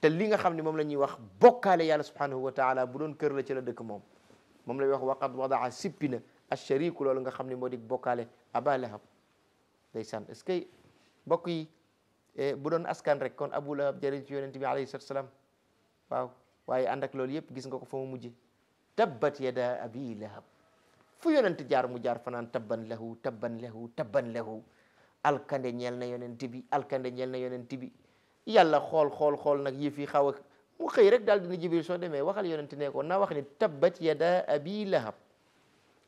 te li nga xam ne moom la ñuy wax bokkaale yàlla subhanahu wa taala bu doon kër la ci la dëkk moom moom lay wax waqad wadaa sippi na ashariku loolu nga xam ne moo di bokkaale aba lahab ndeysaan est-ce que mbokk yi eh, bu doon askan rek kon abu lahab jëriñ ci yonent bi alayhi salatu salaam waaye ànd ak loolu yëpp gis nga ko fa mu mujje tabbat yada abi jaar mu jaar fanaan tabban lahu tabban lahu tabban lahu alkande ñeel na yonent bi alkande ñeel na yonent bi yàlla xool xool xool nag yëf yi xaw mu xëy rek daal dina jibril soo demee waxal yonent ne ko na wax ni tabbat yada abi lahab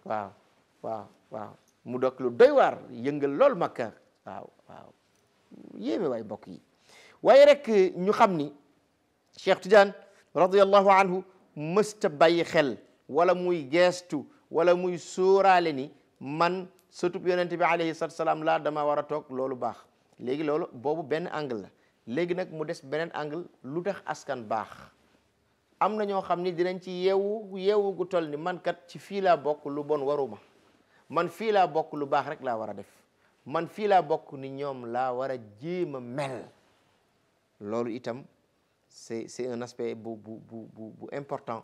waaw waaw mu dog lu doy waar yëngal lool makka waaw waaw waay mbokk yi waaye rek ñu xam ni Cheikh Tidiane radiallahu anhu mësta bàyyi xel wala muy geestu wala muy sóoraale ni man sëtub yonent bi alayhi salatu salaam laa dama war a toog loolu baax léegi loolu boobu benn angle la léegi nag mu des beneen angle lu tax askan baax am na ñoo xam ni dinañ ci yeewu yeewu gu toll ni man kat ci fii laa bokk lu bon waruma man fii laa bokk lu baax rek laa war a def man fii laa bokk ni ñoom laa war a jéem a mel loolu itam c'est c'est un aspect bu bu bu bu important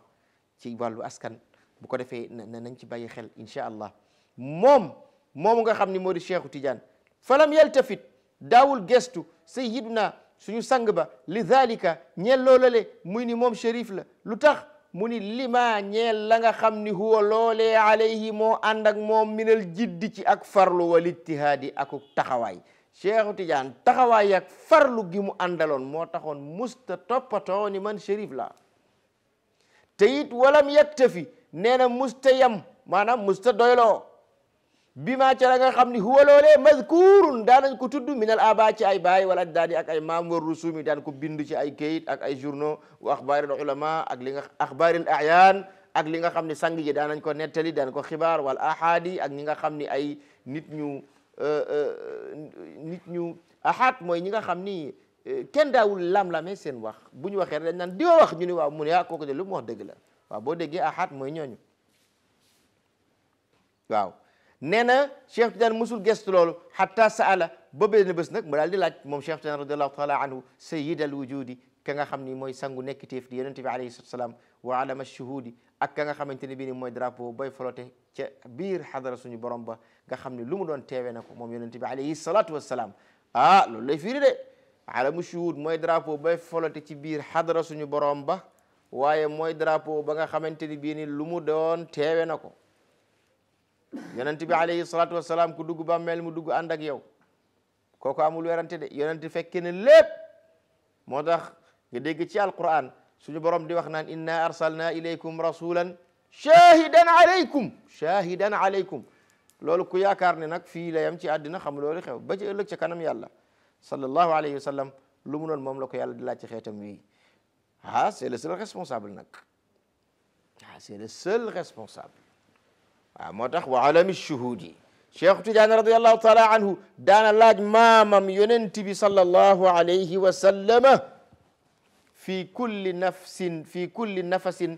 ci wàllu askan bu ko defee na nañ ci bàyyi xel incha allah moom moom nga xam ni moo di Cheikhu Tidiane falam yaltafit daawul gestu sayyiduna suñu sang ba li dhalika ñeel loolale muy ni moom shérif la lu tax mu ni lima ñeel la nga xam ni huwa loolee alayhi moo ànd moom minal jiddi ci ak farlu wal ittihaadi aku taxawaay cheikhu tidiane taxawaay ak farlu gi mu àndaloon moo taxoon musta toppatoo ni man shérif la te it walam yaktafi neena na musta yam maanaam musta doyloo bi maa ca la nga xam ni huwa loolee mazkurun daanañ ko tudd minal aba ci ay baay wala daani ak ay maam war rusumi daan ko bind ci ay kayit ak ay journaux wa axbaaril ulama ak li nga axbaaril ayaan ak li nga xam ne sang ji daanañ ko nettali daan ko xibaar wal ahadi ak ñi nga xam ni ay nit ñu euh, euh, nit ñu ahad mooy ñi nga xam ni euh, kenn daawul lam-lame seen wax bu ñu waxee dañ naan diwa wax ñu ni waaw mu ne ah kooku de lu mu wax dëgg la waaw boo déggee ahad mooy ñooñu waaw nee na Cheikh Tidiane musul gestu loolu hatta saala ba benn bés nag mu daal di laaj moom Cheikh Tidiane radiallahu taala anhu sayyid al wujudi ka nga xam ni mooy sangu nekk téef di yonente bi alayhi salatu salaam wa alama shuhudi ak ka nga xamante ne bii ni mooy drapeau bay folote ca biir xadara suñu borom ba nga xam ne lu mu doon teewee na ko moom yonente bi alayhi salatu wassalaam ah loolu lay firi de alamu shuhud mooy drapeau bay flotté ci biir xadara suñu borom ba waaye mooy drapeau ba nga xamante ni bii ni lu mu doon teewe na ko yonanti bi alayhi salatu wassalam ku dugg ba mel mu dugg ànd ak yow koko amul werante de yonanti fekke ne lépp motax nga deg ci alquran suñu borom di wax nan inna arsalna ilaykum rasulan shahidan alaykum shahidan alaykum lolou ku yakar ne nak fi la yam ci adina xam lolou xew ba ci ëllëg ci kanam yàlla sallallahu alayhi wasallam lu mu non mom la ko yàlla di laaj ci xetam wii ha c'est le seul responsable nak ha c'est le seul responsable waaw moo tax wa alami shuhudi cheikh tidiane radiallahu taala anhu daana laaj maamam yonent bi sallallahu alayhi wa sallama fi kulli nafsin fi kulli nafasin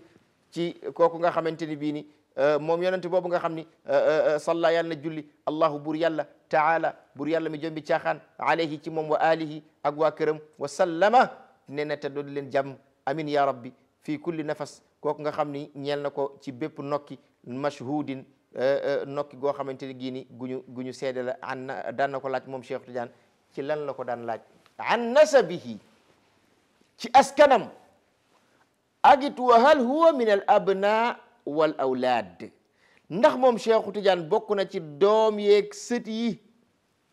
ci kooku nga xamante ni bii ni moom yonent boobu nga xam ni salla yàlla na julli allahu bur yàlla taala bur yàlla mi jombi caaxaan alayhi ci moom wa alihi ak waa këram wa sallama nee na te doon leen jàmm amin ya rabbi fi kulli nafas kooku nga xam ni ñeel na ko ci bépp nokki mashhudin euh, euh, nokki goo xamante ni gii ni guñu guñu seede la an daan na ko laaj moom Cheikh Tidiane ci lan la ko daan laaj an nasabihi ci askanam agit wa hal huwa min al abna wal awlaad ndax moom Cheikh Tidiane bokk na ci doom yeeg sët yi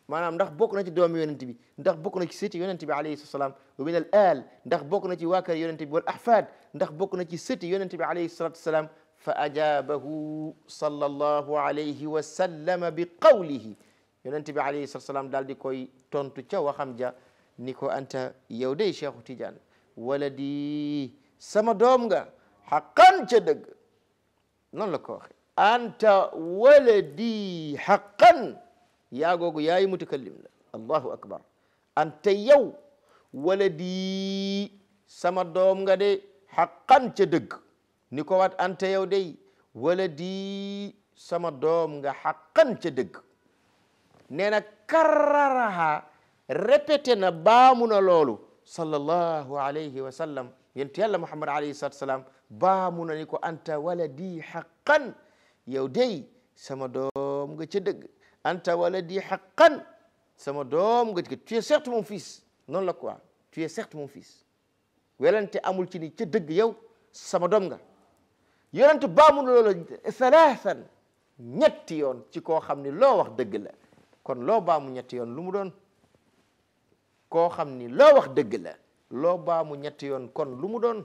manam ndax bokku na ci doomi yonent bi ndax bokku na ci seeti yonent bi alayhi salam wa min al al ndax bokku na ci waakar kër yonent bi wal ahfad ndax bokku na ci seeti yonent bi alayhi salatu salam fa ajabahu sallallahu alayhi wa sallam bi qawlihi yonent bi alayhi salatu salam daal di koy tontu ci waxam ja niko anta yow de cheikh tidiane waladi sama dom nga haqqan ci deug non la ko waxe anta waladi haqqan yaa googu yaayi mutakallim la allahu akbar ante yow wala di sama doom nga de xaqan ca dëgg ni ko waat ante yow day wala di sama doom nga xaqan ca dëgg nee na kararaha répété na bamu na loolu sallallahu alayhi wa sallam yent yàlla muhammad alayhi salatu salaam baamu na ni ko anta wala di xaqan yow day sama doom nga ca dëgg anta waladi haqqan sama doom nga ci tu es certes mon fils noonu la quoi tu es certes mon fils welante amul ci ni ca dëgg yow sama doom nga yonent baamu loolu salasan ñetti yoon ci koo xam ni loo wax dëgg la kon loo baamu ñetti yoon lu mu doon koo xam ni loo wax dëgg la loo baamu ñetti yoon kon lu mu doon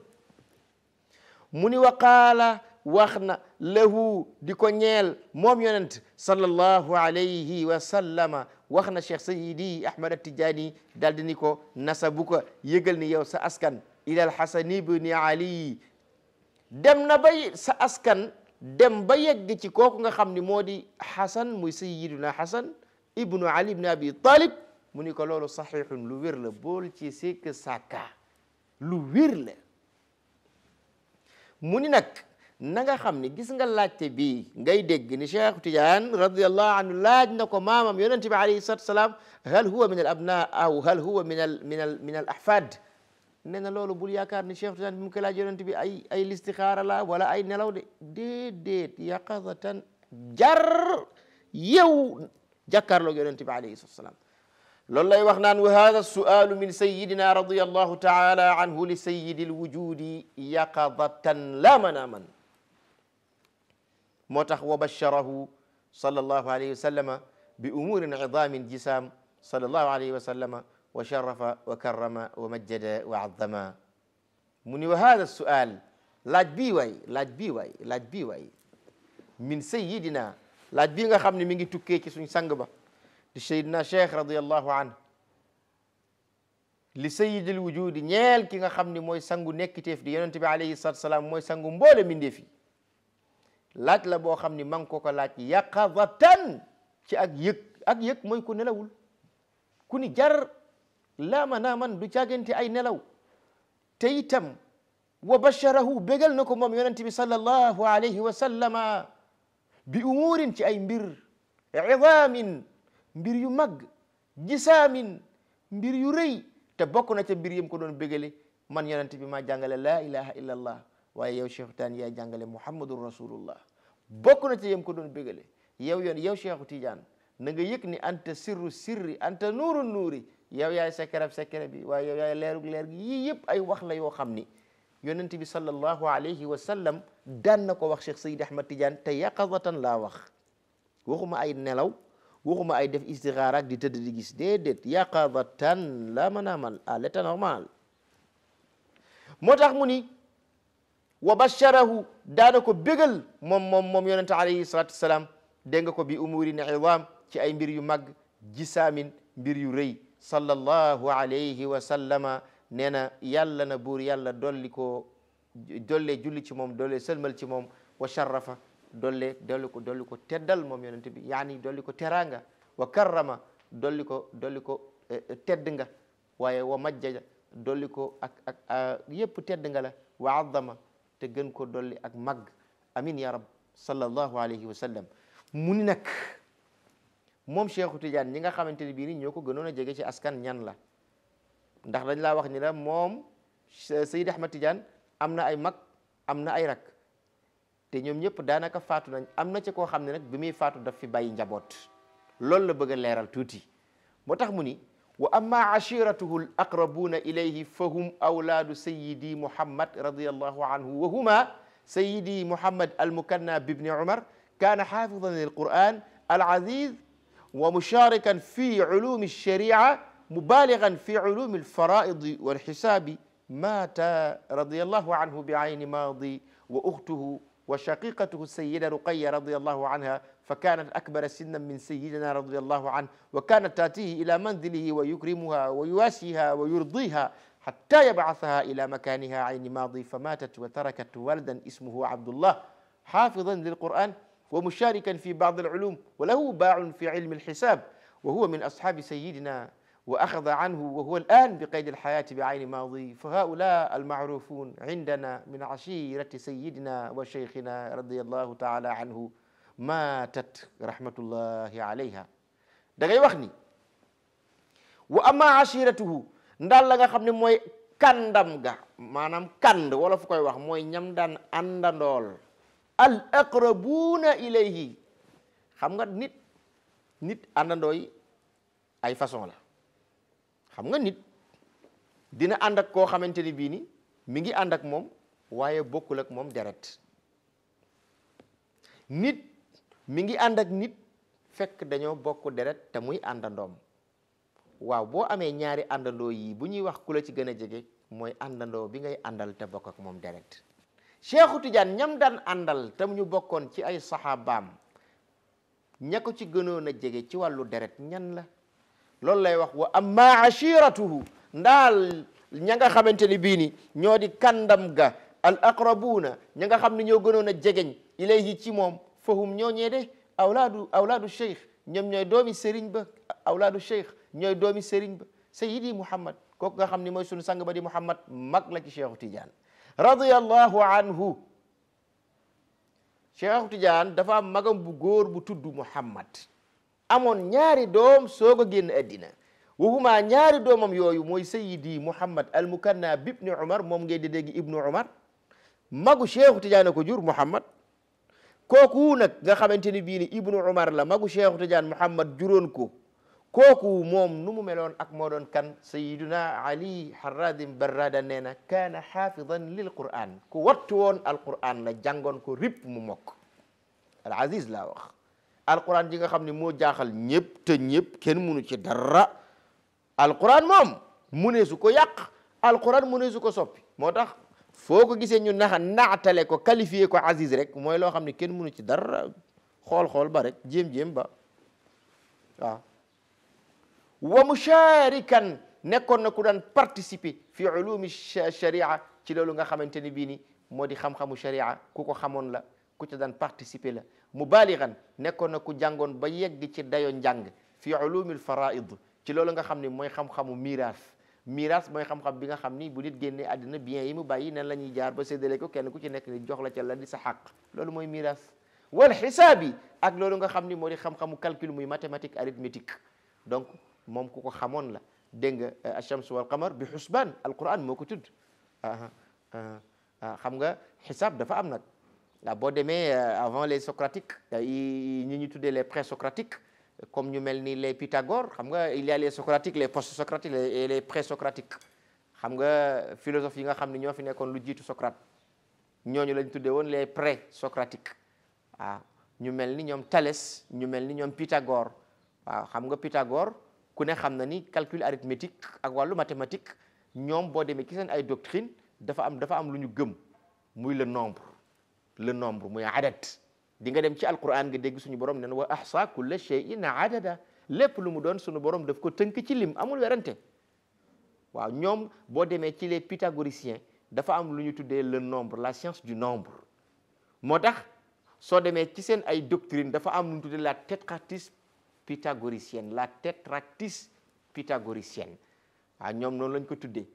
wax na lahu di ko ñeel moom yonent sallallahu alayhi wa sallama wax na cheikh sayidi ahmad atijani daal di ni ko nasabu ko yëgal ni yow sa askan ila alxasan ibni ali dem na ba sa askan dem ba yegg ci kooku nga xam ni moo di xasan muy sayiduna xasan ibnu ali ibn abi talib mu ni ko loolu saxiixun lu wér la bool ci sikk sàkka lu wér la mu ni nag na nga xam ne gis nga laajte bii ngay dégg ni Cheikh Tidiane radiallahu anhu laaj na ko maamam yonente bi alayhi salatu salaam hal huwa min al abna aw hal huwa min al min al min al ahfad nee na loolu bul yaakaar ni Cheikh Tidiane bi mu ko laaj yonente bi ay ay listixaara la wala ay nelaw de déedéet yaqazatan jar yow jàkkaarloog yonente bi alayhi salatu salaam loolu lay wax naan wa hada sualu min sayidina radiallahu taala anhu li sayidi l wujudi yaqadatan la manaaman موتخ وبشره صلى الله عليه وسلم بأمور عظام جسام صلى الله عليه وسلم وشرف وكرم ومجد وعظم من وهذا السؤال لاج بي واي لاج بي واي لاج بي واي من سيدنا لاج بيغا خامني ميغي توكي سي سون سانغ با سيدنا شيخ رضي الله عنه لسيد الوجود نيل كيغا خامني موي سانغو نيكتيف دي يونتبي عليه الصلاه والسلام موي سانغو مبول مينديفي laaj la boo xam ni ma ngi ko ko laaj yaqazatan ci ak yëg ak yëg moy ko nelawul ku ni jar laama naa man du caagante ay nelaw te itam wa basharahu bégal na ko moom yonente bi sallallahu alayhi wa sallama bi umurin ci ay mbir idamin mbir yu mag jisaamin mbir yu rey te bokk na ca mbir yim ko doon bégale man yonente bi ma jàngale laa ilaha illa waaye yow Cheikh Tidiane yaay jàngale Muhammadun Rasulullah bokk na ci yem ko doon bégale yow yoon yow Cheikh Tidiane na nga yëg ni anta sirru sirri anta nuuru nuuri yow yaay sekkerab sekkere bi waaye yow yaay leerug leer gi yii ay wax la yoo xam ni yonent bi sallallahu alayhi wa sallam daan na ko wax Cheikh Seydi Ahmad tiijan te yaqazatan laa wax waxuma ay nelaw waxuma ay def istixaara ak di tëdd di gis déedéet yaqazatan la manamal à l'état moo tax mu ni wa basharahu daana ko bégal moom moom moom yonente alayhi salatu wasalaam dégg nga ko bi umurin idam ci ay mbir yu mag jisaamin mbir yu rëy sallallahu alayhi wa sallama nee na yàlla na buur yàlla dolli ko dollee julli ci moom dollee sëlmal ci moom wa sharrafa dollee dolli ko teddal moom yonente bi yaani dolli ko teraanga wa karrama dolli ko dolli ko e, e, tedd nga waaye wa majjaja dolli ko ak ak yépp nga la wa azzama te gën ko dolli ak mag amin ya rab sallallahu alayhi wa sallam mu ni nag moom Cheikhu Tidiane ñi nga xamante ne bii ñoo ko gënoon a jege ci askan ñan la ndax dañ laa wax ni la moom Sayyid Ahmad Tidiane am na ay mag am na ay rak te ñoom ñëpp daanaka faatu nañ am na ci koo xam ne nag bi muy faatu daf fi bay njaboot loolu la bëgg a leeral tuuti moo tax mu وأما عشيرته الأقربون إليه فهم أولاد سيدي محمد رضي الله عنه وهما سيدي محمد المكنى بابن عمر كان حافظا للقرآن العزيز ومشاركا في علوم الشريعة مبالغا في علوم الفرائض والحساب مات رضي الله عنه بعين ماضي وأخته وشقيقته السيدة رقية رضي الله عنها فكانت أكبر سنا من سيدنا رضي الله عنه وكانت تأتيه إلى منزله ويكرمها ويواسيها ويرضيها حتى يبعثها إلى مكانها عين ماضي فماتت وتركت ولدا اسمه عبد الله حافظا للقرآن ومشاركا في بعض العلوم وله باع في علم الحساب وهو من أصحاب سيدنا وأخذ عنه وهو الآن بقيد الحياة بعين ماضي فهؤلاء المعروفون عندنا من عشيرة سيدنا وشيخنا رضي الله تعالى عنه matat rahmatullahi alayha da ngay wax ni wa amma ashiratuhu ndal la nga xam moy kandam ga manam kand wala fu koy wax moy ñam dan andandol al aqrabuna ilayhi xam nga nit nit andandoy ay façon la xam nga nit dina and ak ko xamanteni bi ni mi ngi and ak mom waye bokul ak mom deret nit mi ngi ànd ak nit fekk dañoo bokk deret te muy àndandoom waaw boo amee ñaari àndandoo yi bu ñuy wax ku la ci gën a jege mooy àndandoo bi ngay àndal te bokk ak moom deret Cheikhu Tidiane ñam daan àndal tam ñu bokkoon ci ay saxaabaam ña ko ci gënoon a jege ci wàllu deret ñan la loolu lay wax wa amma ashiratuhu ndaal ña nga xamante ni bii ni ñoo di kàndam ga al aqrabuuna ña nga xam ne ñoo gënoon a jegeñ ilayhi ci moom fahum ñooñee de awlaadu awlaadu cheikh ñoom ñooy doomi sëriñ ba awlaadu cheikh ñooy doomi sëriñ ba sayidi muhammad kooku nga xam ni mooy sunu sang ba di muhammad mag la ci cheikhu tijaan radiyallahu anhu cheikhu tidiane dafa am magam bu góor bu tudd muhammad amoon ñaari doom soog a génn addina waxuma ñaari doomam yooyu mooy sayidi muhammad almukanna bibni umar moom ngay di dégg ibnu umar magu cheikhu tidiane ko jur muhammad kooku nag nga xamante ni bii ni ibnu umar la magu cheikhu tidiane muhammad juróon ko kooku moom nu mu meloon ak moo doon kan sayiduna ali harradim barrada nee na kaana xaafidan lil quran ku wattu woon alquran na jàngoon ko rip mu mokk al aziz laa wax alquran ji nga xam ni moo jaaxal ñëpp te ñëpp kenn munu ci dara alquran moom mu ne su ko yàq alquran mu ne ko soppi moo tax foo ko gisee ñu naxa naatale ko qualifié ko Aziz rek mooy loo xam ne kenn mënu ci dara xool-xool ba rek jéem-jéem ba waaw wa musharikan nekkoon na ku daan participer fi ulumi sharia ci loolu nga xamante ni bii ni moo di xam-xamu sharia ku ko xamoon la ku ci daan participer la mubaligan nekkoon na ku jàngoon ba yegg ci dayo njàng fi ulumil faraid ci loolu nga xam ne mooy xam-xamu miraas miras mooy xam-xam bi nga xam ni bu nit génnee àddina bien yi mu bàyyi nan la ñuy jaar ba séddale ko kenn ku ci nekk ni jox la ca la di sa xàq loolu mooy miras wal xisaab yi ak loolu nga xam ni moo di xam-xamu calcul muy mathématique arithmétique donc moom ku ko xamoon la dégg nga euh, achams wal qamar bi xusbaan alquran moo ko tudd ah, ah, ah, xam nga xisaab dafa am nag boo demee euh, avant les socratiques euh, ñi ñu tuddee les présocratiques comme ñu melni les Pythagore xam nga il y a les socratiques les post-socratiques et les pré-socratiques xam nga philosophe yi nga xamni ne ñoo fi nekkoon lu jitu Socrate ñooñu lañ tuddee woon les pré-socratiques Ah, ñu melni ñom ñoom Thalès ñu melni ñom Pythagore waaw xam nga Pythagore ku ne xam na ni calcul arithmétique ak walu mathématique ñom bo demee ci ay doctrine dafa am dafa am lu ñu gëm muy le nombre le nombre muy adat di nga dem ci alquran nga deg suñu borom nen wa ahsa kulla shay'in adada lepp lu mu doon suñu borom daf ko teunk ci lim amul wérante wa ñom bo démé ci les pythagoriciens dafa am luñu tuddé le nombre la science du nombre motax So démé ci sen ay doctrine dafa am luñu tuddé la tétractis pythagoricienne la tétractis pythagoricienne a ñom non lañ ko tuddé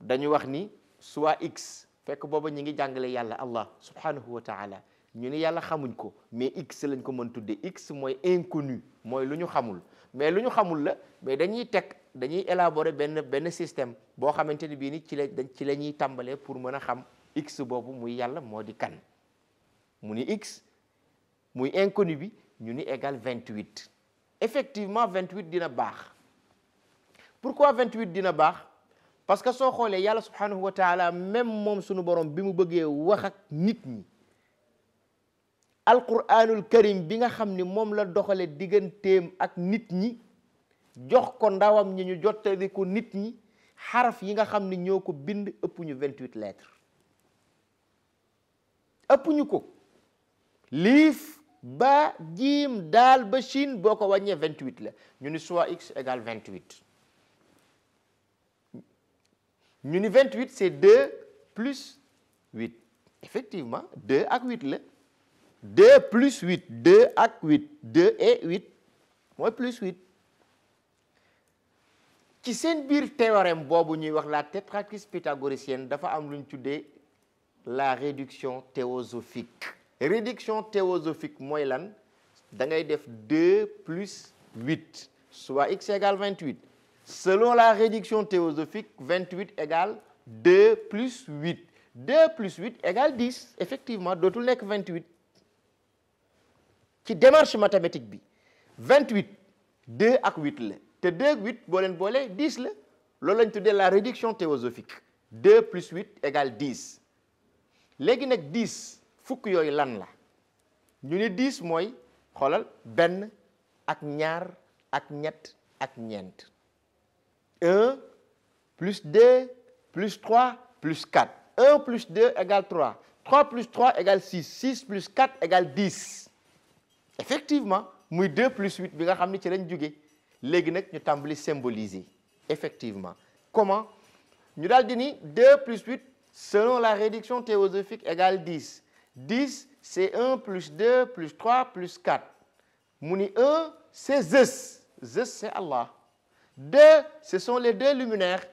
dañu wax ni soit x fekk bobu ñi ngi yalla allah subhanahu wa ta'ala ñu ni yàlla xamuñ ko mais x lañ ko mën tuddee x mooy inconnu mooy lu ñu xamul mais lu ñu xamul la mais dañuy teg dañuy élaborer benn benn système boo xamante ni bii ni ci la ci la ñuy tàmbalee pour mën a xam x boobu muy yàlla moo di kan mu ni x muy inconnu bi ñu ni égal 28 effectivement vingt 28 dina baax pourquoi 28 dina baax parce que soo xoolee yàlla subhanahu wa taala même moom sunu borom bi mu bëggee wax ak nit ñi al qur'anul karim bi nga xamni mom la doxale digantem ak nit ñi jox ko ndawam ñi ñu jotté di ko nit ñi harf yi nga xamni ñoko bind ëppu ñu 28 lettres ëppu ñu lif ba jim dal ba shin boko wagné 28 la ñu soit x égale 28 ñu 28 c'est 2 plus 8 effectivement 2 ak 8 la 2 plus 8 2 à 8 2 et 8 moins plus 8 Qui seen biir théorème la pratique pythagoricienne dafa am la réduction théosophique réduction théosophique moi 2 plus 8 soit x égale 28 selon la réduction théosophique 28 égale 2 plus 8 2 plus 8 égale 10 effectivement dootul 28 qui démarche mathématique 28 2 ak 8 la 2 8 10 la la réduction théosophique 2 plus 8 égale 10 légui 10 fukk yoy lan la ñu 10 moy xolal ben, ak ñaar ak 1 plus 2 plus 3 plus 4 1 plus 2 égale 3 3 plus 3 égale 6 6 plus 4 égale 10 effectivement 2 plus 8 bi nga xamni ci lañ symboliser effectivement comment ñu daldi 2 plus 8 selon la réduction théosophique égale 10 10 c'est 1 plus 2 plus 3 plus 4 1 c'est Zeus Zeus c'est Allah 2 ce sont les deux luminaires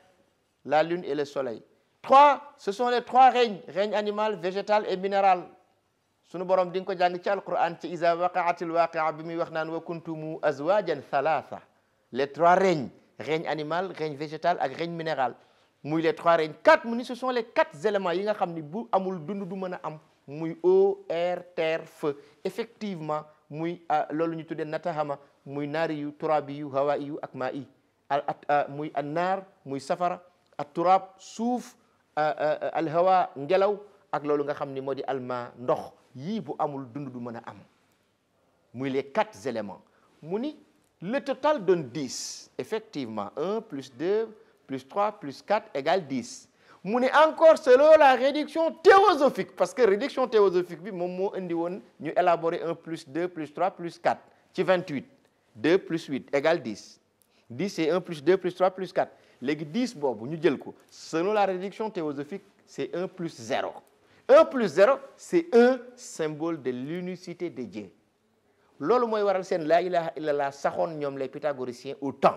la lune et le soleil 3 ce sont les trois règnes règne animal végétal et minéral sunu borom di nga ko jàng ci alquran ci isa waqaatil waqia bi muy wax naan wa kuntumu azwajan thalatha les trois règnes règne animal règne végétal ak règne minéral muy les trois règnes quatre mu ni ce sont les quatre éléments yi nga xam ni bu amul dund du mën a am muy eau air terre feu effectivement muy loolu ñu tuddee natahama muy naari yu turabi yu hawa yu ak maa yi muy an naar muy safara ak turab suuf al hawa ngelaw ak loolu nga xam ni moo di alma ndox les quatre éléments. le total donne 10, effectivement. 1 plus 2 plus 3 plus 4 égale 10. Muni, encore selon la réduction théosophique, parce que réduction théosophique, nous avons élaboré 1 plus 2 plus 3 plus 4, c'est 28. 2 plus 8 égale 10. 10 c'est 1 plus 2 plus 3 plus 4. 10, selon la réduction théosophique, c'est 1 plus 0. 1 plus 0 c'est un symbole de l'unicité de Dieu Lolo mooy waral sen la ilaha illallah saxoon ñom les pythagoriciens autant.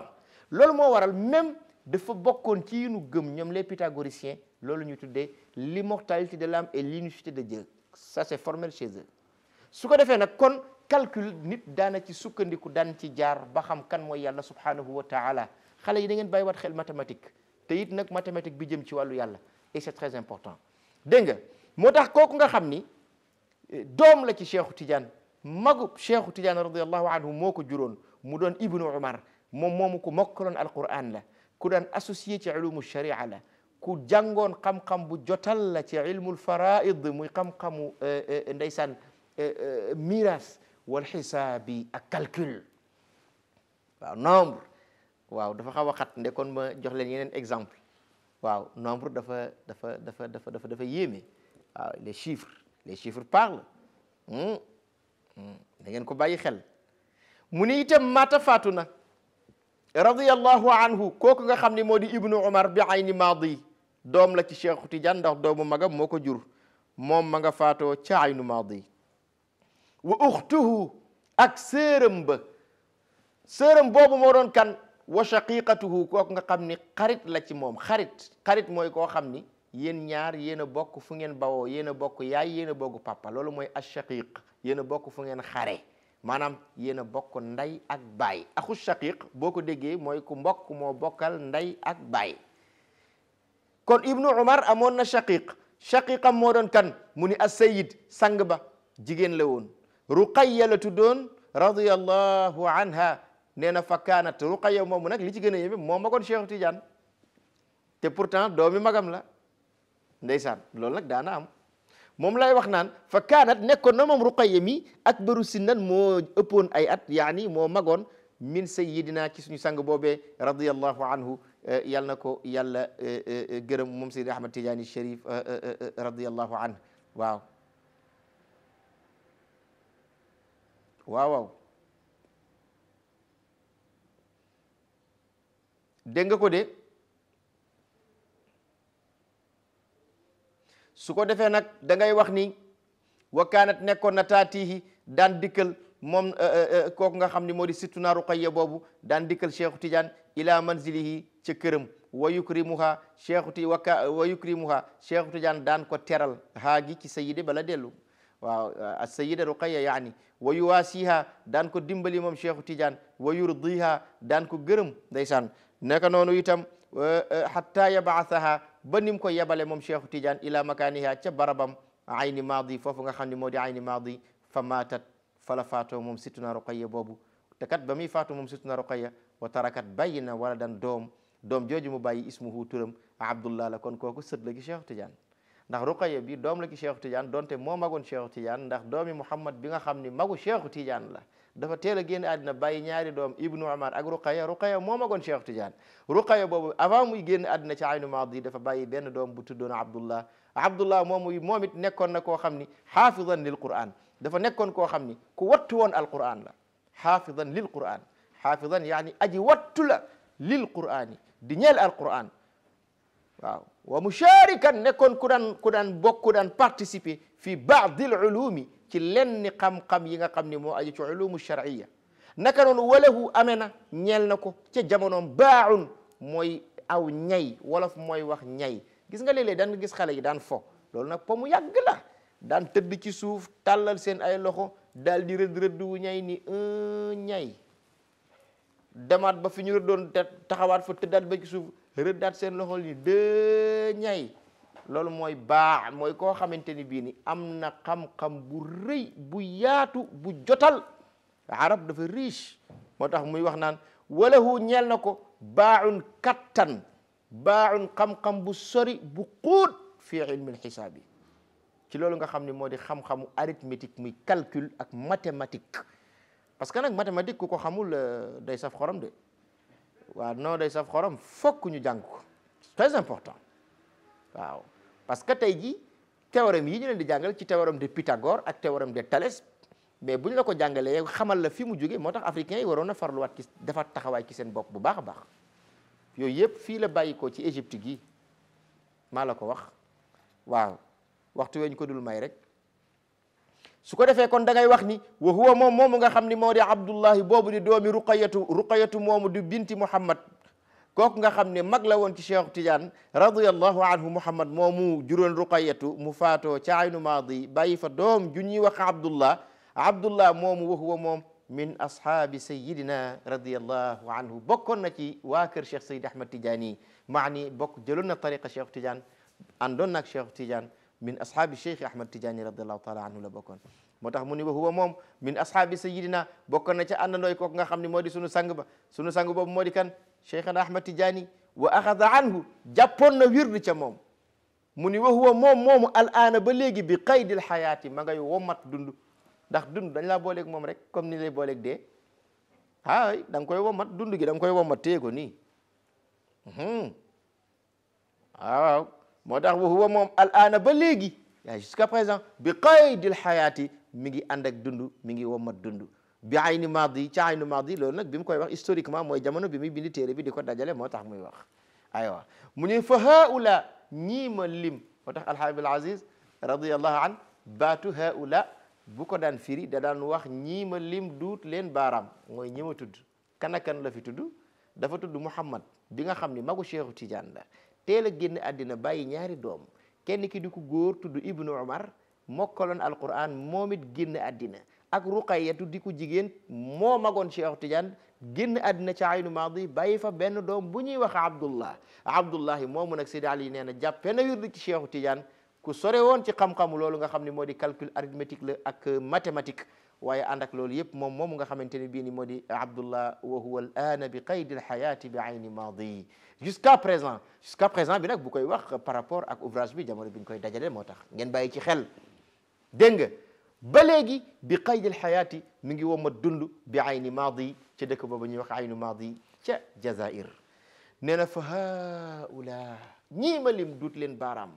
Lolo loolu waral même fa bokkon ci ñu gëm ñom les pythagoriciens lolo ñu tuddee l'immortalité de l'âme et l'unicité de Dieu ça c'est formel chez eux su ko defee kon calcul nit daana ci sukkandiku dan ci jaar ba xam kan moy Yalla subhanahu wa taala Xalé yi da ngeen wat xel mathématique te yit nak mathématique bi jëm ci walu Yalla et c'est très important dégg nga motax koku nga xamni dom la ci cheikhou tidiane magub cheikhou tidiane radiallahu anhu moko juron mu don ibnu umar mom moomu ku mokkaloon alquran la ku daan associé ci ulumu sharia la ku jangon xam xam-xam bu jotal la ci ilmul alfaraid muy xam-xamu ndaysan miras wal xisaabi ak calcul wa nombre waaw dafa xawa a xat nde ma jox len yenen exemple waaw nombre dafa dafa dafa dafa dafa yeme les chiffres les chiffres parlent hmm da ngeen ko bàyyi xel mu ni itam maata faatu radiyallahu anhu koku nga xamni modi ibnu umar bi ayni madi dom la ci cheikh tidiane ndax doomu maga moko jur mom ma nga fato ci aynu madi wa ukhtuhu ak séeram ba séeram bobu mo don kan wa shaqiqatuhu koku nga xamni ni xarit la ci mom xarit xarit moy ko xamni yéen ñaar yéen a bokk fu ngeen bawoo yéen a bokk yaay yéen a bokk papa loolu mooy ashaqiq yéen a bokk fu ngeen xare maanaam yéen a bokk nday ak baay axu shaqiq boo ko déggee mooy ku mbokk moo bokkal nday ak baay kon ibnu umar amoon na shaqiq shaqiqam moo doon kan mu ni asayid sang ba jigéen la woon ruqayya la tuddoon radiyallahu anha nee na fa kaanat ruqayya moomu nag li ci gën a yéeme moo magoon cheikh tidiane te pourtant doomi magam la ndeysaan loolu nag daana moom lay wax naan fa kaanat nekkoon na moom ruqayya mi akbaru sinnan moo ëppoon ay at yaani moo magoon min sayidina ci suñu sang boobee radiallahu anhu eh, ko yàlla eh, eh, gërëm moom sayid ahmad waaw waaw waaw nga ko de su ko defee nag da ngay wax ni wa nekkoon na taatihi daan dikkal moom eh, eh, eh, kooku nga xam ni moo di sittuna ruqayya boobu daan dikkal cheikhu tidiane ila manzilihi ca këram wa yukrimuha cheikhu ti waka wa yukrimuha cheikhu tidiane daan ko teral haa gi ci sayida bala dellu waaw sayida ruqayya yaani wa yuwaasiha daan ko dimbali moom cheikhu tiijan wa yurdiha daan ko gërëm ndeysaan naka noonu itam hatta yabaathaha ba nim ko yebale moom cheikhu tidiane ila makaaniha ca barabam ayni maadi foofu nga xam ne moo di ayni maadi fa maatat fala faatoo moom sittuna ruqayya boobu te kat ba muy faatu moom sittuna ruqayya wa tarakat bàyyi na wala dan doom doom jooju mu bàyyi ismuhu turam abdullah la kon kooku sët la ki cheikhu tidiane ndax ruqayya bi doom la ki cheikhu tidiane donte moo magoon cheikhu tidiane ndax doomi muhammad bi nga xam ni magu cheikhu tidiane la dafa teel a génn àddina bàyyi ñaari doom ibnu Umar ak Ruqaya Ruqaya moo magoon Cheikh Tidiane Ruqaya boobu avant muy génn àddina ci aynu maadi dafa bàyyi benn doom bu tuddoon Abdullah Abdullah moomu moom it nekkoon na koo xam ni xaafidan lil Qur'an dafa nekkoon koo xam ni ku wattu woon Alqur'an la xaafidan lil Qur'an xaafidan yaani aji wattu la lil Qur'ani di ñeel Alqur'an waaw wa musharikan nekkoon ku daan ku daan bokk daan participer fi baadil ulumi ci lenn xam-xam yi nga xam ni moo aju ci ulumu shar'iyya naka noonu walahu ame na ñeel na ko ca jamono baaxun mooy aw ñay wolof mooy wax ñay gis nga léeg-léeg daan nga gis xale yi daan fo loolu nag po mu yàgg la daan tëdd ci suuf tàllal seen ay loxo daal di rëdd rëdd wu ñay ni un ñay demaat ba fu ñu rëddoon taxawaat fa tëddaat ba ci suuf rëddaat seen loxo ni deux ñay loolu mooy baax mooy koo xamante ni bii ni am na xam-xam bu rëy bu yaatu bu jotal arab dafa riche moo tax muy wax naan walahu ñeel na ko baaxun kattan baaxun xam-xam bu sori bu xuut fii ilmil xisaab yi ci loolu nga xam ni moo di xam-xamu arithmétique muy calcul ak mathématique parce que nag mathématique ku ko xamul euh, day saf xorom de waaw non day saf xorom fokk ñu jàng ko c'est très important waaw parce que tey jii théorème yi ñu leen di jàngal ci théorème de Pythagore ak théorème de Thalès mais bu ñu la ko jàngalee xamal la fi mu jóge moo tax africain yi waroon na farluwaat ci dafa taxawaay ci seen bopp bu baax a baax yooyu yëpp fii la bàyyikoo ci Égypte gi maa la ko wax waaw waxtu weñ ko dul may rek su ko defee kon da ngay wax ni wa huwa moom moomu nga xam ni moo di Abdullahi boobu di doomi ruqayatu ruqayatu moomu di binti Muhammad kooku nga xamne mag la won ci Cheikh Tidiane radiyallahu anhu Muhammad momu juron ruqayatu mu faatoo ci aynu madi bàyyi fa dom ju wax Abdullah Abdullah momu wa huwa min ashabi sayyidina radiyallahu anhu bokkon na ci wa keur Cheikh sayyid Ahmad Tidiane maani bok jelon na tariqa Cheikh Tidiane andon nak Cheikh Tidiane min أصحاب الشيخ Ahmad تجاني رضي الله تعالى عنه لبكون moo mu ni wa huwa min ashabi sayidina bokkoon na ca àndandooy kooku nga xam ne sunu sang ba sunu sang kan شيخنا احمد تجاني واخذ عنه جابون نويرد تشموم مني وهو موم موم الان بليغي بقيد الحياه ما غاي ومات دوند دا دوند دنج لا بوليك موم ريك كوم ني لي بوليك دي هاي دانكوي ومات دوند جي دانكوي ومات تيكو ني هم اه موتاخ وهو موم الان بليغي يعني جوسكا بريزون بقيد الحياه ميغي اندك دوند ميغي ومات دوند bi ni maadi ci ayni maadi loolu nag bi mu koy wax historiquement mooy jamono bi muy bindi téere bi di ko dajale moo tax muy wax aywa mu ñuy fa haula ñii ma lim moo tax alhamdul aziz radiallahu an baatu haula bu ko daan firi da daan wax ñii ma lim duut leen baaraam mooy ñi ma tudd kan ak la fi tudd dafa tudd muhammad bi nga xam ni magu cheikhu tidiane la teel a génn àddina bàyyi ñaari doom kenn ki du ko góor tudd ibnu umar mokkaloon alquran moom it génn àddina ak ruqayya tuddi ko jigen mo magon Cheikh Tidiane génn adina ci aynu madi baye fa ben dom bu wax abdullah abdullah moomu nak Sidi Ali neena jappé na wirdu ci Cheikh Tidiane ku sore won ci xam xam lolu nga xamni modi calcul arithmétique le ak mathématique waye andak lolu yep mom mom nga xamanteni bi ni modi abdullah wa huwa al ana bi qayd al hayat bi ayni madi jusqu'à présent jusqu'à présent bi nak bu koy wax par rapport ak ouvrage bi jamono bi koy dajale motax ngeen baye ci xel deng nga ba léegi bi qaydil xayaati mi ngi wommat dund bi ayni maadi ca dëkk boobu ñuy wax aynu maadi ca jazair nee na fa haula ñii ma lim duut leen baaraam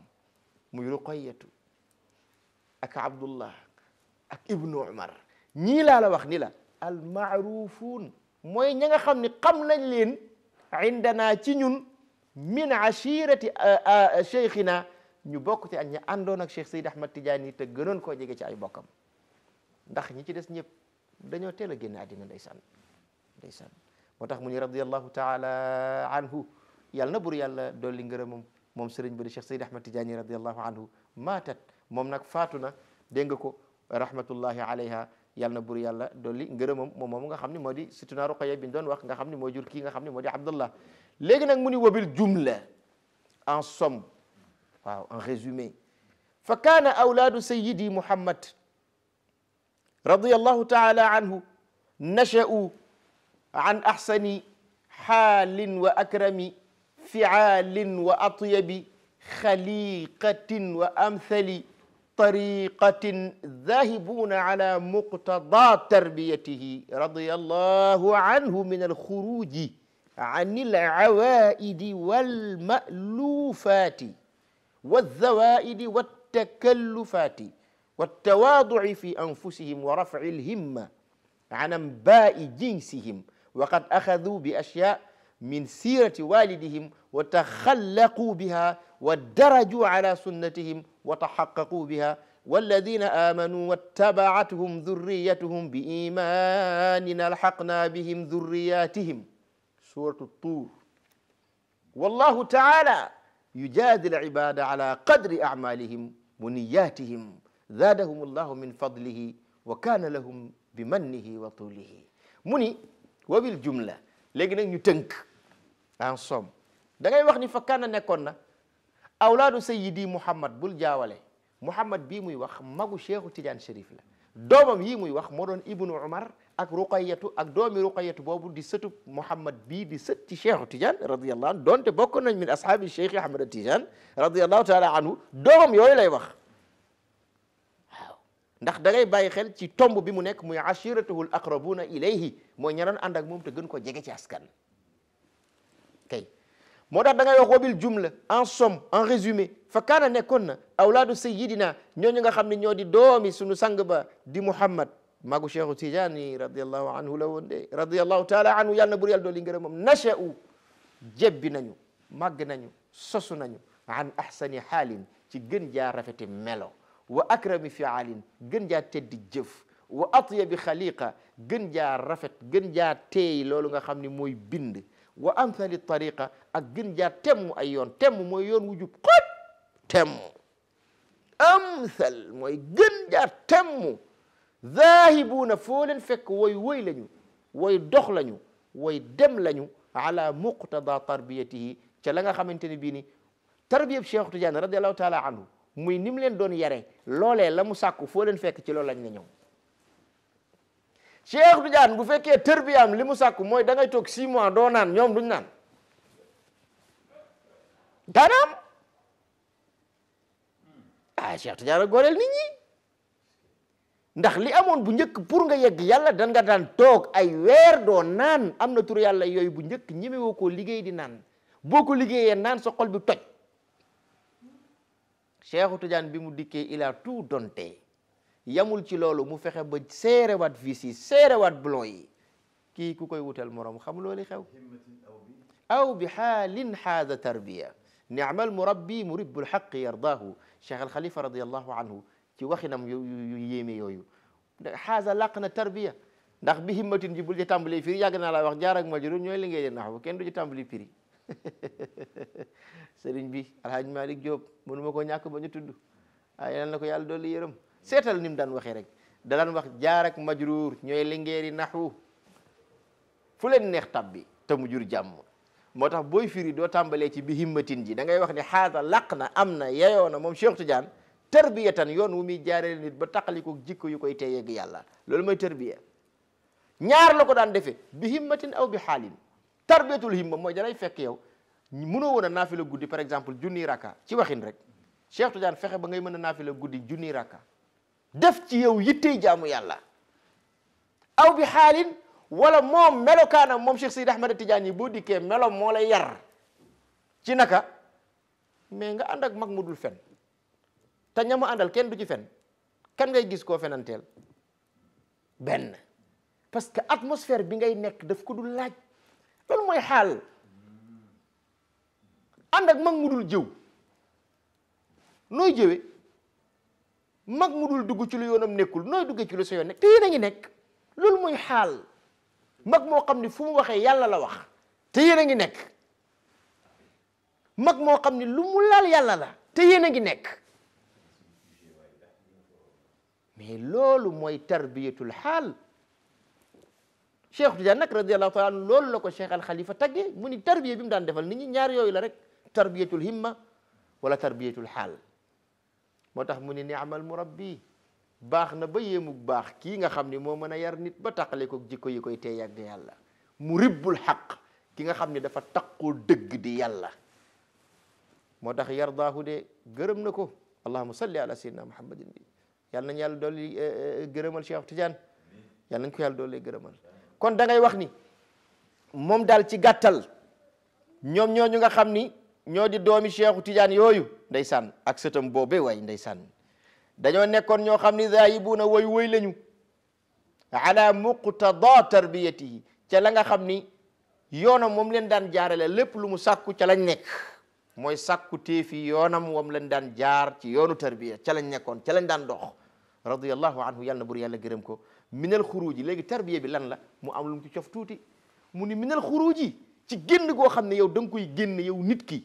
muy ruqayatu ak abdullah ak ibnu umar ñii laa la wax ni la almaarufuun mooy ña nga xam ni xam nañ leen indana ci ñun min ashirati cheikhina ñu bokk ci ak ñi àndoon ak Cheikh Seyd Ahmad Tidiane te gënoon koo jege ci ay bokkam ndax ñi ci des ñëpp dañoo teel a génn àddina ndeysaan ndeysaan moo tax mu ni radiallahu taala anhu yàlla na bur yàlla dolli ngërëmam moom sëriñ bi di Cheikh Seyd Ahmad Tidiane radiallahu anhu maatat moom nag faatu na dégg nga ko rahmatullahi alayha yàlla na bur yàlla dolli ngërëmam moom moom nga xam ne moo di situna Ruqayya bi ñu doon wax nga xam ne moo jur kii nga xam ne moo di Abdullah léegi nag mu ni wabil jumla en somme waaw un résumé Fakana awladu Sayyidi muhammad radiallahu taala anhu nasha'u an ahsani halin wa akrami fi'alin wa atyabi khaliqatin خليقة وأمثل طريقة ذاهبون على مقتضى تربيته رضي الله عنه من الخروج عن العوائد والمألوفات والذوائد والتكلفات والتواضع في أنفسهم ورفع الهمة عن أنباء جنسهم وقد أخذوا بأشياء من سيرة والدهم وتخلقوا بها ودرجوا على سنتهم وتحققوا بها والذين آمنوا واتبعتهم ذريتهم بإيمان ألحقنا بهم ذرياتهم سورة الطور والله تعالى يجادل العباد على قدر أعمالهم ونياتهم زادهم الله من فضله وكان لهم بمنه وطوله مني وبالجملة لكن نتنك أنصم دعي وقت فكان نكون أولاد سيدي محمد بول جاوله محمد بيمو يوخ مغو شيخ تجان شريف دومم يمو يوخ مورون ابن عمر ak ruqayatu ak doomi ruqayatu boobu di sëtu Muhammad bii di sët ci cheikhu Tidiane radiallahu anhu donte bokk nañ min ashaabi cheikh Ahmad Tidiane radiallahu taala anhu doomam yooyu lay wax waaw ndax da ngay bàyyi xel ci tomb bi mu nekk muy ashiratuhu l aqrabuna ilayhi mooy ña ànd ak moom te gën ko jege ci askan kay moo tax da ngay wax wabil jumla en som en résumé fa kaana nekkoon na awlaadu sayidina ñooñu nga xam ne ñoo di doomi suñu sang ba di Muhammad mago cheikhu tidiani radiallahu anhu lawol nde radiallahu taala anhu yalno ɓuuri yaldo lingere mum nacha'u jebbinañu magganañu sosunañu an ahsani haalin ci gën jaa rafete melo wa akrami fialin gën jaa teddi jëf wa atyabi xaliqa gën jaa rafet gën jaa teey loolu nga xam ni mooy bind wa amthali tariqa ak gën jaa temm ay yoon temm mooy yoon wu jub xot temm amthal mooy gën jaa temm zaahibuuna foo leen fekk way woy lañu way dox lañu way dem lañu ala muqtada tarbiyatihi ca la nga xamante ne bii ni tarbiyab Cheikh Tidiane radiallahu taala anhu muy ni mu leen doon yare loole la mu sàkku foo leen fekk ci loolu lañ la ñëw Cheikh Tidiane bu fekkee am li mu sàkku mooy da ngay toog six mois doo naan ñoom duñ naan daanaam ah Cheikh Tidiane a góoreel nit ñi ndax li amone bu ñëk pour nga yegg yàlla da nga daan toog ay weer doo naan am na tur yàlla yooyu bu njëkk ñemewoo koo liggéey di naan boo ko liggéeyee naan sa xol bi toj Cheikhu Tidiane bi mu dikkee il a tout donté yamul ci loolu mu fexe ba seerewaat vis yi seerewaat blon yi kii ku koy wutal morom xam loolu xew aw bi xaalin xaada tarbiya ni'mal murabbi muribbul xaqi yardaahu Cheikh al Khalifa radiallahu anhu ci waxinam yu yu yéeme yooyu xaasa làq na tarbiya ndax bi himmatin ji bul ci tàmbali firi yàgg naa laa wax jaar ak majrur ñooy liggéey de naxwu kenn du ci tàmbali [laughs] bi alhaaj Malick Diop mënu ma ñàkk ba ñu tudd waaye ah, na ko yàlla dolli yërëm seetal ni mu daan waxee rek da wax jaar ak majrur ñooy lingeeri naxwu fu leen neex tabbi te mu jur jàmm moo tax booy firi doo tàmbalee ci bi himmatin ji da ngay wax ne xaasa laq na am na yeyoo na moom Cheikh Tidiane tarbiyatan yoon wu muy jaaree nit ba taqaliko jikko yu koy teyeeg yàlla loolu mooy tarbiya ñaar la ko daan defee bi himmatin aw bi xaalin tarbiyatul himma mooy dalay fekk yow mënoo woon naafila guddi par exemple junni raka ci waxin rek Cheikh Tidiane fexe ba ngay mën a guddi junni raka def ci yow yittey jaamu yàlla aw bi xaalin wala moom melokaanam moom Cheikh Sidi Ahmed Tidiane yi boo dikkee melo moo lay yar ci naka mais nga ànd ak mag mu dul fen ta ñama andal kenn du ci fen kan ngay gis ko fenantel ben parce que atmosphère bi ngay nek daf ko du laaj lool moy xal and ak mag mudul dul jëw nooy jëwe mag mudul dul dugg ci lu yonam nekul noy duggee ci lu sa yoon te yi nañu nek lool moy xal mag mo xamni fu mu waxee yalla la wax te yi nañu nek mag mo xamni lu mu laal yalla la te yi nañu nek mais loolu mooy tarbiyatul xaal Cheikh Tidiane nag radiallahu taala anhu loolu la ko Cheikh Al Khalifa taggee mu ni tarbiya bi mu daan defal ni ñi ñaar yooyu la rek tarbiyatul himma wala tarbiyatul xaal moo tax mu ni niamal murabbi baax na ba yéemug baax kii nga xam ni moo mën a yar nit ba taqale ko jikko yi koy te yàgg yàlla mu ribbul xaq ki nga xam ni dafa taqoo dëgg di yàlla moo tax yardaahu de gërëm na ko allahuma salli ala sayyidina muhammadin bi yàlla nañu yàlla dolli eh, eh, gërëmal Cheikh Tidiane yàlla nañu ko yàlla dolli gërëmal kon da ngay wax ni moom daal ci gàttal ñoom ñooñu nga xam ni ñoo di doomi Cheikh Tidiane yooyu ndeysaan ak sëtam boobee waay ndeysaan dañoo nekkoon ñoo xam ni zaayibuuna woy woy lañu ala muqtada tarbiyatihi ca la nga xam ni yoonam moom leen daan jaarale lépp lu mu sàkku ca lañ nekk mooy sàkku téefi yoonam moom leen daan jaar ci yoonu tarbiya ca lañ nekkoon ca lañ daan dox رضي الله عنه يالا نبور يالا غرمكو من الخروج لغي تربيه بي لا مو ام تشوف توتي موني من الخروج تي ген غو خامني يو دنجكوي ген يو نيتكي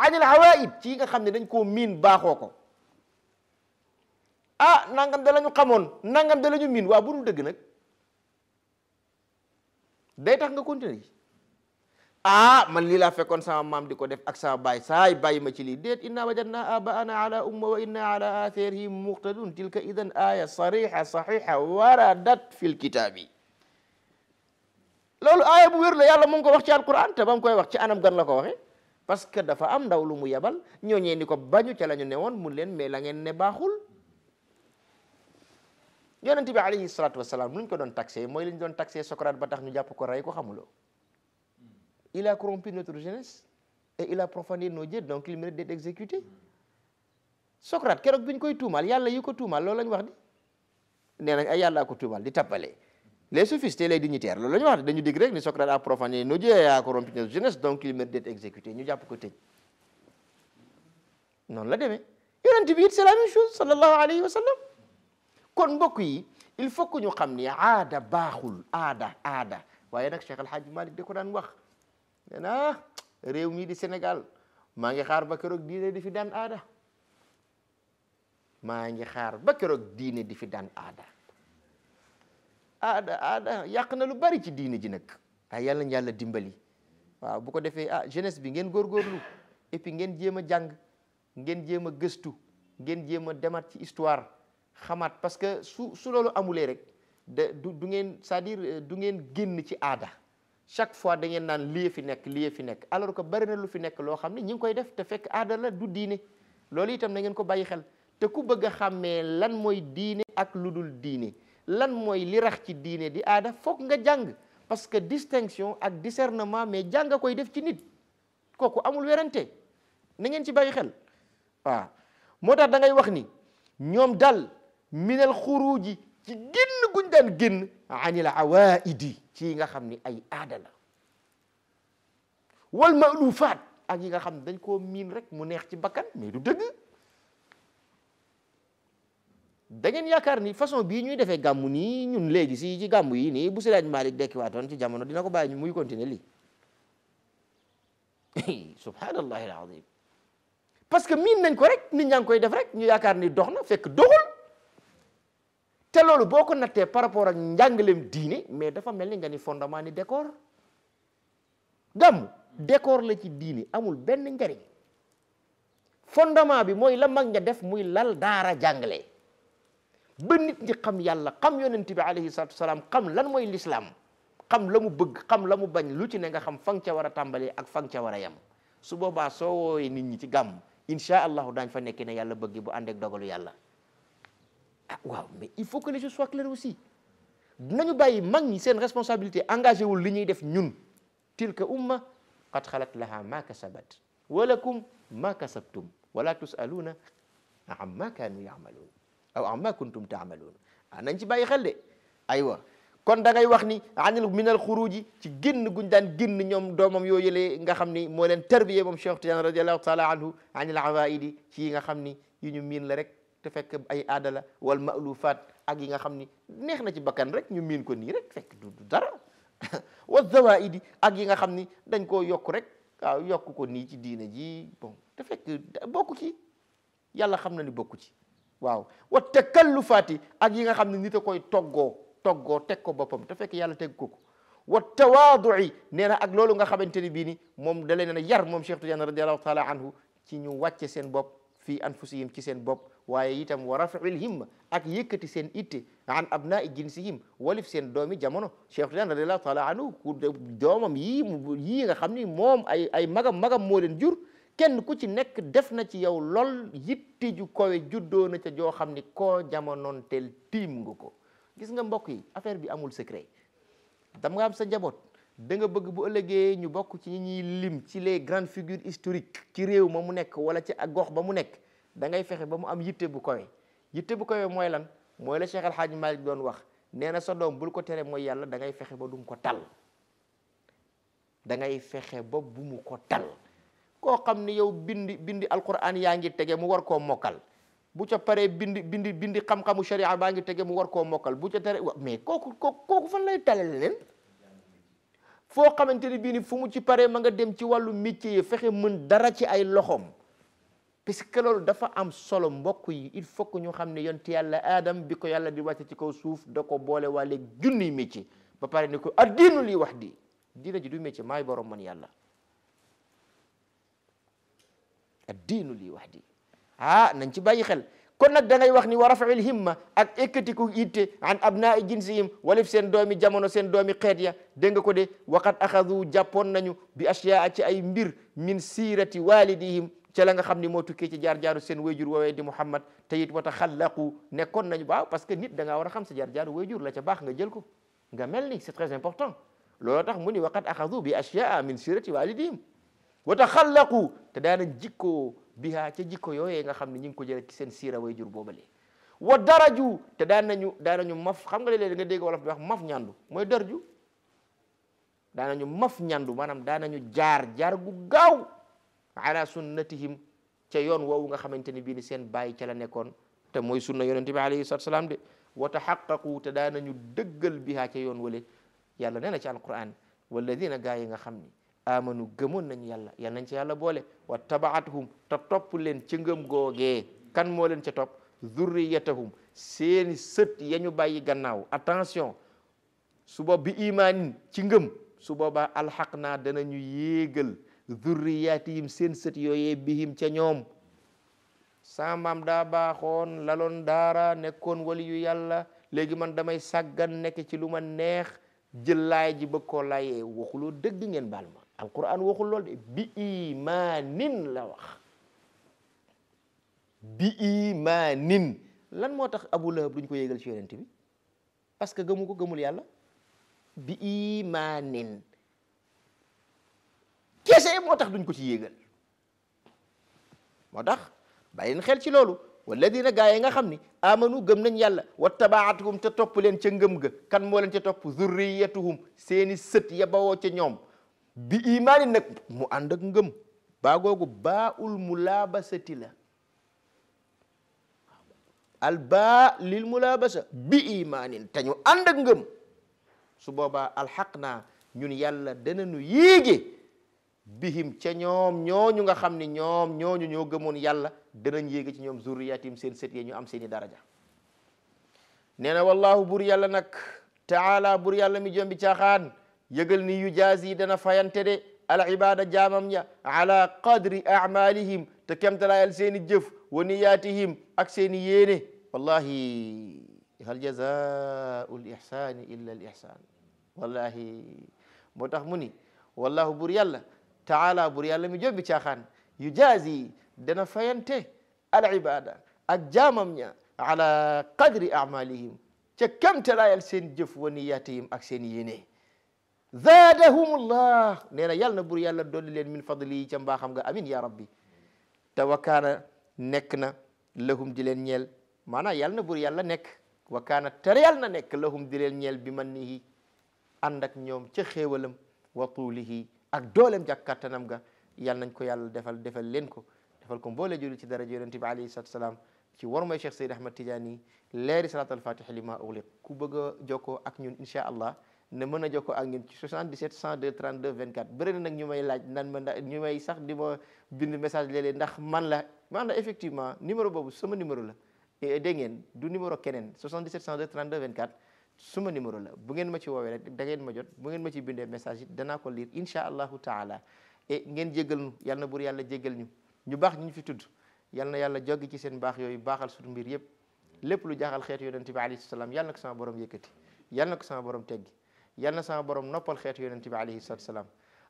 عن الحوائب تيغا خامني دنجكو مين باخوكو اه نانغام دالانيو خامون نانغام دالانيو مين وا بودو دغ نك داي ah man lila laa sama Mam di def ak sama bay say bayima ci li det inna wajadna abaana ala umma wa inna ala atharihim muqtadun tilka idan aya sariha sahiha waradat fil kitabi. lolou aya bu wér la yalla mo ngi ko wax ci alquran te bam koy wax ci anam gan la ko waxe parce que dafa am ndaw lu mu yabal ñoñe ni ko bañu ci lañu newon mu len leen mais la ngeen ne baxul yonnati bi alayhi salatu wassalam luñ ko don taxé moy liñ don taxé Socrate ba tax ñu japp ko ray ko xamulo Il a corrompu notre jeunesse et il a profané nos dieux, donc il mérite d'être exécuté. Socrate keroog bi ñu koy tuumaal yàlla yi ko tuumaal loolu tout mal, wax di nee nañ ay yàllaa ko tuumaal di les sophistes et les dignitaires loolu la ñu wax dañu dig rek ni Socrate a profané nos dieux et a corrompu notre jeunesse donc il mérite d'être exécuté ñu jàpp ko tëj noonu la demee yonent bi it c'est la même chose sallallahu alayhi wa sallam kon yi il faut que ñu xam Ada aada Ada, Ada, voyez waaye nag Cheikh Al Hadj Malik de ko wax nee na réew di senegal ma ngi xaar ba diine di fi daan aada ma ngi xaar ba diine di fi daan aada aada aada yàq lu bari ci diine ji nak waaye ah, yalla na dimbali wa bu ko defee ah jeunesse bi ngeen gorlu et puis ngeen jema jang ngeen jema a gëstu ngeen jema a ci histoire xamat parce que su su lolu amulé rek de du ngeen c'est-à-dire euh, du ngeen génn ci aada chaque fois da ngeen nan lié fi nek lié fi nek alors que bari na lu fi nek lo xamni ñing koy def te fekk adala du diiné loolu itam na ngeen ko bayyi xel te ku bëgg xamé lan moy diiné ak ludul diiné lan moy li rax ci diiné di aada fok nga jang parce que distinction ak discernement mais jang koy def ci nit koku amul wéranté na ngeen ci bayyi xel wa motax da ngay wax ni ñom dal minal khuruji ci genn guñ dan genn anil awaidi ci yi nga xam ni ay aada la wal maalufaat ak yi nga xam ne dañ koo miin rek mu neex ci bakkan mais du dëgg da ngeen yaakaar ni façon bii ñuy defee gàmmu nii ñun léegi si ci gàmmu yi nii bu si laaj Malick dekkiwaatoon ci jamono dina ko bàyyi ñu muy continuer lii [laughs] subhanallahi alazim parce que miin nañ ko rek nit ñaa ngi def rek ñu yaakaar ni dox na fekk doxul te loolu boo ko nattee par rapport ak njàngaleem diine mais dafa mel ni nga ni fondement ni décor gàmm décor la ci diine amul benn njariñ fondement bi mooy la mag ña def muy lal daara jàngale ba nit ñi xam yàlla xam yonent bi alayhi salaatu salaam xam lan mooy lislaam xam la mu bëgg xam la mu bañ lu ci ne nga xam fa nga ca war a tàmbalee ak fa nga ca war a yem su boobaa soo nit ñi ci gàmm incha allahu daañ fa nekki ne yàlla bëgg bu ànd ak dogalu yàlla ah mais il faut que les choses soient claires aussi nañu bàyyi mag ñi seen responsabilité engagé wul li ñuy def ñun tilka umma qad xalat laha ma kasabat wa lakum ma kasabtum wala tusaluuna amma kaanu yaamaluun aw amma kuntum taamaluun ah nañ ci bàyyi xel de aywa kon da ngay wax ni anil minal xuruji ci génn guñ daan génn ñoom doomam yoo yëlee nga xam ni moo leen tarbiye moom Cheikh Tidiane radiallahu taala anhu anil awaidi ci yi nga xam ni yu ñu miin la rek te fekk ay aada la wal maalufaat ak yi nga xam ni neex na ci bakkan rek ñu miin ko nii rek fekk du dara [laughs] wa idi ak yi nga xam ni dañ koo yokk rek waaw yokk ko nii ci diine ji bon te fekk bokku ci yàlla xam na ni bokku ci waaw wa takallufaati ak yi nga xam ne nit a koy toggoo toggoo teg ko boppam te fekk yàlla teg ko ko wa tawaadui nee na ak loolu nga xamante ni bii ni moom da leen a yar moom Cheikh Tidiane radiallahu taala anhu ci ñu wàcce seen bopp fii anfusihim ci seen bopp waaye itam wa rafail himma ak yëkkati seen itte an abnaa jinsihim walif seen doomi jamono Cheikh Tidiane radiallahu taala anhu ku doomam yii nga xam ni moom ay ay magam magam moo jur kenn ku ci nekk def na ci yow lool yitte ju kowe juddoo na ca joo xam ni ko jamonoon teel tiim nga ko gis nga mbokk yi affaire bi amul secret dam nga am sa njaboot da nga bëgg bu ëllëgee ñu bokk ci ñi ñuy lim ci les grandes figures historiques ci réew ma mu nekk wala ci gox ba mu nekk da ngay fexe ba mu am yitte bu kowe yitte bu kowe mooy lan mooy la Cheikh xaaj Hadj doon wax nee na sa doom bul ko tere mooy yàlla dangay ngay fexe ba du mu ko tal da fexe ba bu mu ko tal koo xam ne yow bindi bindi alquran yaa ngi tege mu war koo mokkal bu ca paree bindi bindi bindi xam-xamu sharia baa ngi tege mu war koo mokkal bu ca tere mais kooku kooku fan lay talal leen foo xamante ni bii ni fu mu ci paree ma nga dem ci wàllu métier yi fexe mën dara ci ay loxoom parce que loolu dafa am solo mbokk yi il faut que xam ne yonent yàlla aadam bi ko yàlla di wàcce ci kaw suuf da ko boole waale junniy métier ba pare ni ko addiinu lii wax di diina ji du métier maay borom man yàlla addiinu lii wax di ah nañ ci bàyyi xel kon nag da wax ni wa rafaul himma ak ekkatiku itte an abnaai jinsihim walif seen doomi jamono seen doomi xeet ya dégg nga ko de waqad axadu jàppoon nañu bi ashyaa ci ay mbir min siirati walidihim ca la nga xam ni moo tukkee ci jaar-jaaru seen wayjur woowee di Muhammad te it wata xallaqu nekkoon nañu baaw parce que nit da ngaa war a xam sa jaar-jaaru wayjur la ca baax nga jël ko nga mel ni c'est très important looloo tax mu ni waqad axadu bi ashyaa min siirati walidihim wata xallaqu te daanañ jikkoo bihaa ca jikko yooyee nga xam ne ñu ngi ko jëlee ci seen siira way jur boobale wa daraju te daan nañu daan nañu maf xam nga léeg-léeg nga dégg bi wax maf ñandu mooy darju daan nañu maf ñandu maanaam daan nañu jaar jaar gu gaaw ala sunnatihim ca yoon woowu nga xamante ni bii ni seen baay ca la nekkoon te mooy sunna yonente bi alayhi salatu salaam de wa taxaqaqu te daan nañu dëggal bihaa ca yoon wale yàlla nee na ci alquran walladina gaa yi nga xam ni amanu gëmoon nañu yàlla yal nañ ci yàlla boole wa tabaathum te topp leen ci ngëm googee kan moo leen ca topp zurriyatahum seeni sët yañu bàyyi gannaaw attention su boob bi imaanin ci ngëm su boobaa alxaq naa danañu yéegal zurriyaatihim seen sët yooyee bihim ca ñoom sa maam daa baaxoon laloon daara nekkoon wali yu yàlla léegi man damay sàggan nekk ci lu ma neex jël laay ji bëgg koo laayee waxuloo dëgg ngeen baal ma alquran waxul lool de bi imaanin la wax bi imaanin lan moo tax abu lahab duñ ko yégal ci yonent bi parce que gëmu ko gëmul yàlla bi imaanin kese moo tax duñ ko ci yégal moo tax bàyyi leen xel ci loolu walladina gaa yi nga xam ni amanu gëm nañ yàlla wattabaatuhum te topp leen ca ngëm ga kan moo leen ca topp zurriyatuhum seeni sët ya bawoo ca ñoom bi imaani nag mu ànd ak ngëm baa googu baa ul mulaabasati la al baa lil mulaabasa bi imaanin te ñu ànd ak ngëm su boobaa alxaq naa ñun yàlla dana nu yéege bihim ca ñoom ñooñu nga xam ne ñoom ñooñu ñoo gëmoon yàlla danañ yéege ci ñoom zurriyatim seen sët yee ñu am seeni daraja nee na wallaahu bur yàlla nag taala bur yàlla mi jombi caaxaan يقل ني يجازي دنا على عبادة جامم على قدر أعمالهم تكم تلا يلسين الجف ونياتهم أكسين ييني والله هل جزاء الإحسان إلا الإحسان والله متخمني والله بريالة تعالى بريالة مجوب بشاخان يجازي دنا فاينتي عبادة أجامم على قدر أعمالهم تكم تلا يلسين الجف ونياتهم أكسين ييني zaadahumullah nee na yàlla na bur yàlla dolli leen min fadli yi ca mbaaxam nga amin ya rabbi te wakaana nekk na lahum di leen ñeel maanaam yàlla na bur yàlla nekk wakaana tere yàlla na nekk lahum di leen ñeel bi man nihi ànd ak ñoom ca xéewalam wa tuulihi ak doolem jàkkattanam ga yàlla nañ ko yàlla defal defal leen ko defal ko mboole julu ci daraja yonente bi alayhi salatu salaam ci war mooy cheikh sayd ahmad tidiane yi leeri salaat alfatih li ma ugliq ku bëgg a jokkoo ak ñun incha allah ne mën a ko jokkoo ak ñun ci 77 102 32 24 bëri na nag ñu may laaj nan ma ñu may sax di ma bind message léeg-léeg ndax man la man la effectivement numéro boobu sama numéro la dégg ngeen du numéro keneen 77 102 32 24 suma numéro la bu ngeen ma ci woowee rek da ngeen ma jot bu ngeen ma ci bindee message yi danaa ko lire incha allahu taala et ngeen jégal ñu yal na buur yàlla jégal ñu ñu baax ñu fi tudd yal na yàlla joggi ci seen baax yooyu baaxal suñu mbir yëpp lépp lu jaaxal xeetu yonente bi alayhi salaam yal na ko sama borom yëkkati na ko sama borom teggi يالنا سما بروم نوبال خيت يونتي بي عليه الصلاه والسلام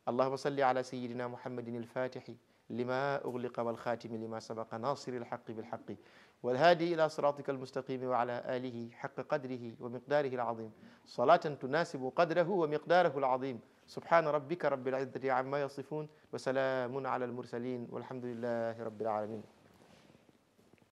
اللهم صل على سيدنا محمد الفاتح لما اغلق والخاتم لما سبق ناصر الحق بالحق والهادي الى صراطك المستقيم وعلى اله حق قدره ومقداره العظيم صلاه تناسب قدره ومقداره العظيم سبحان ربك رب العزه عما يصفون وسلام على المرسلين والحمد لله رب العالمين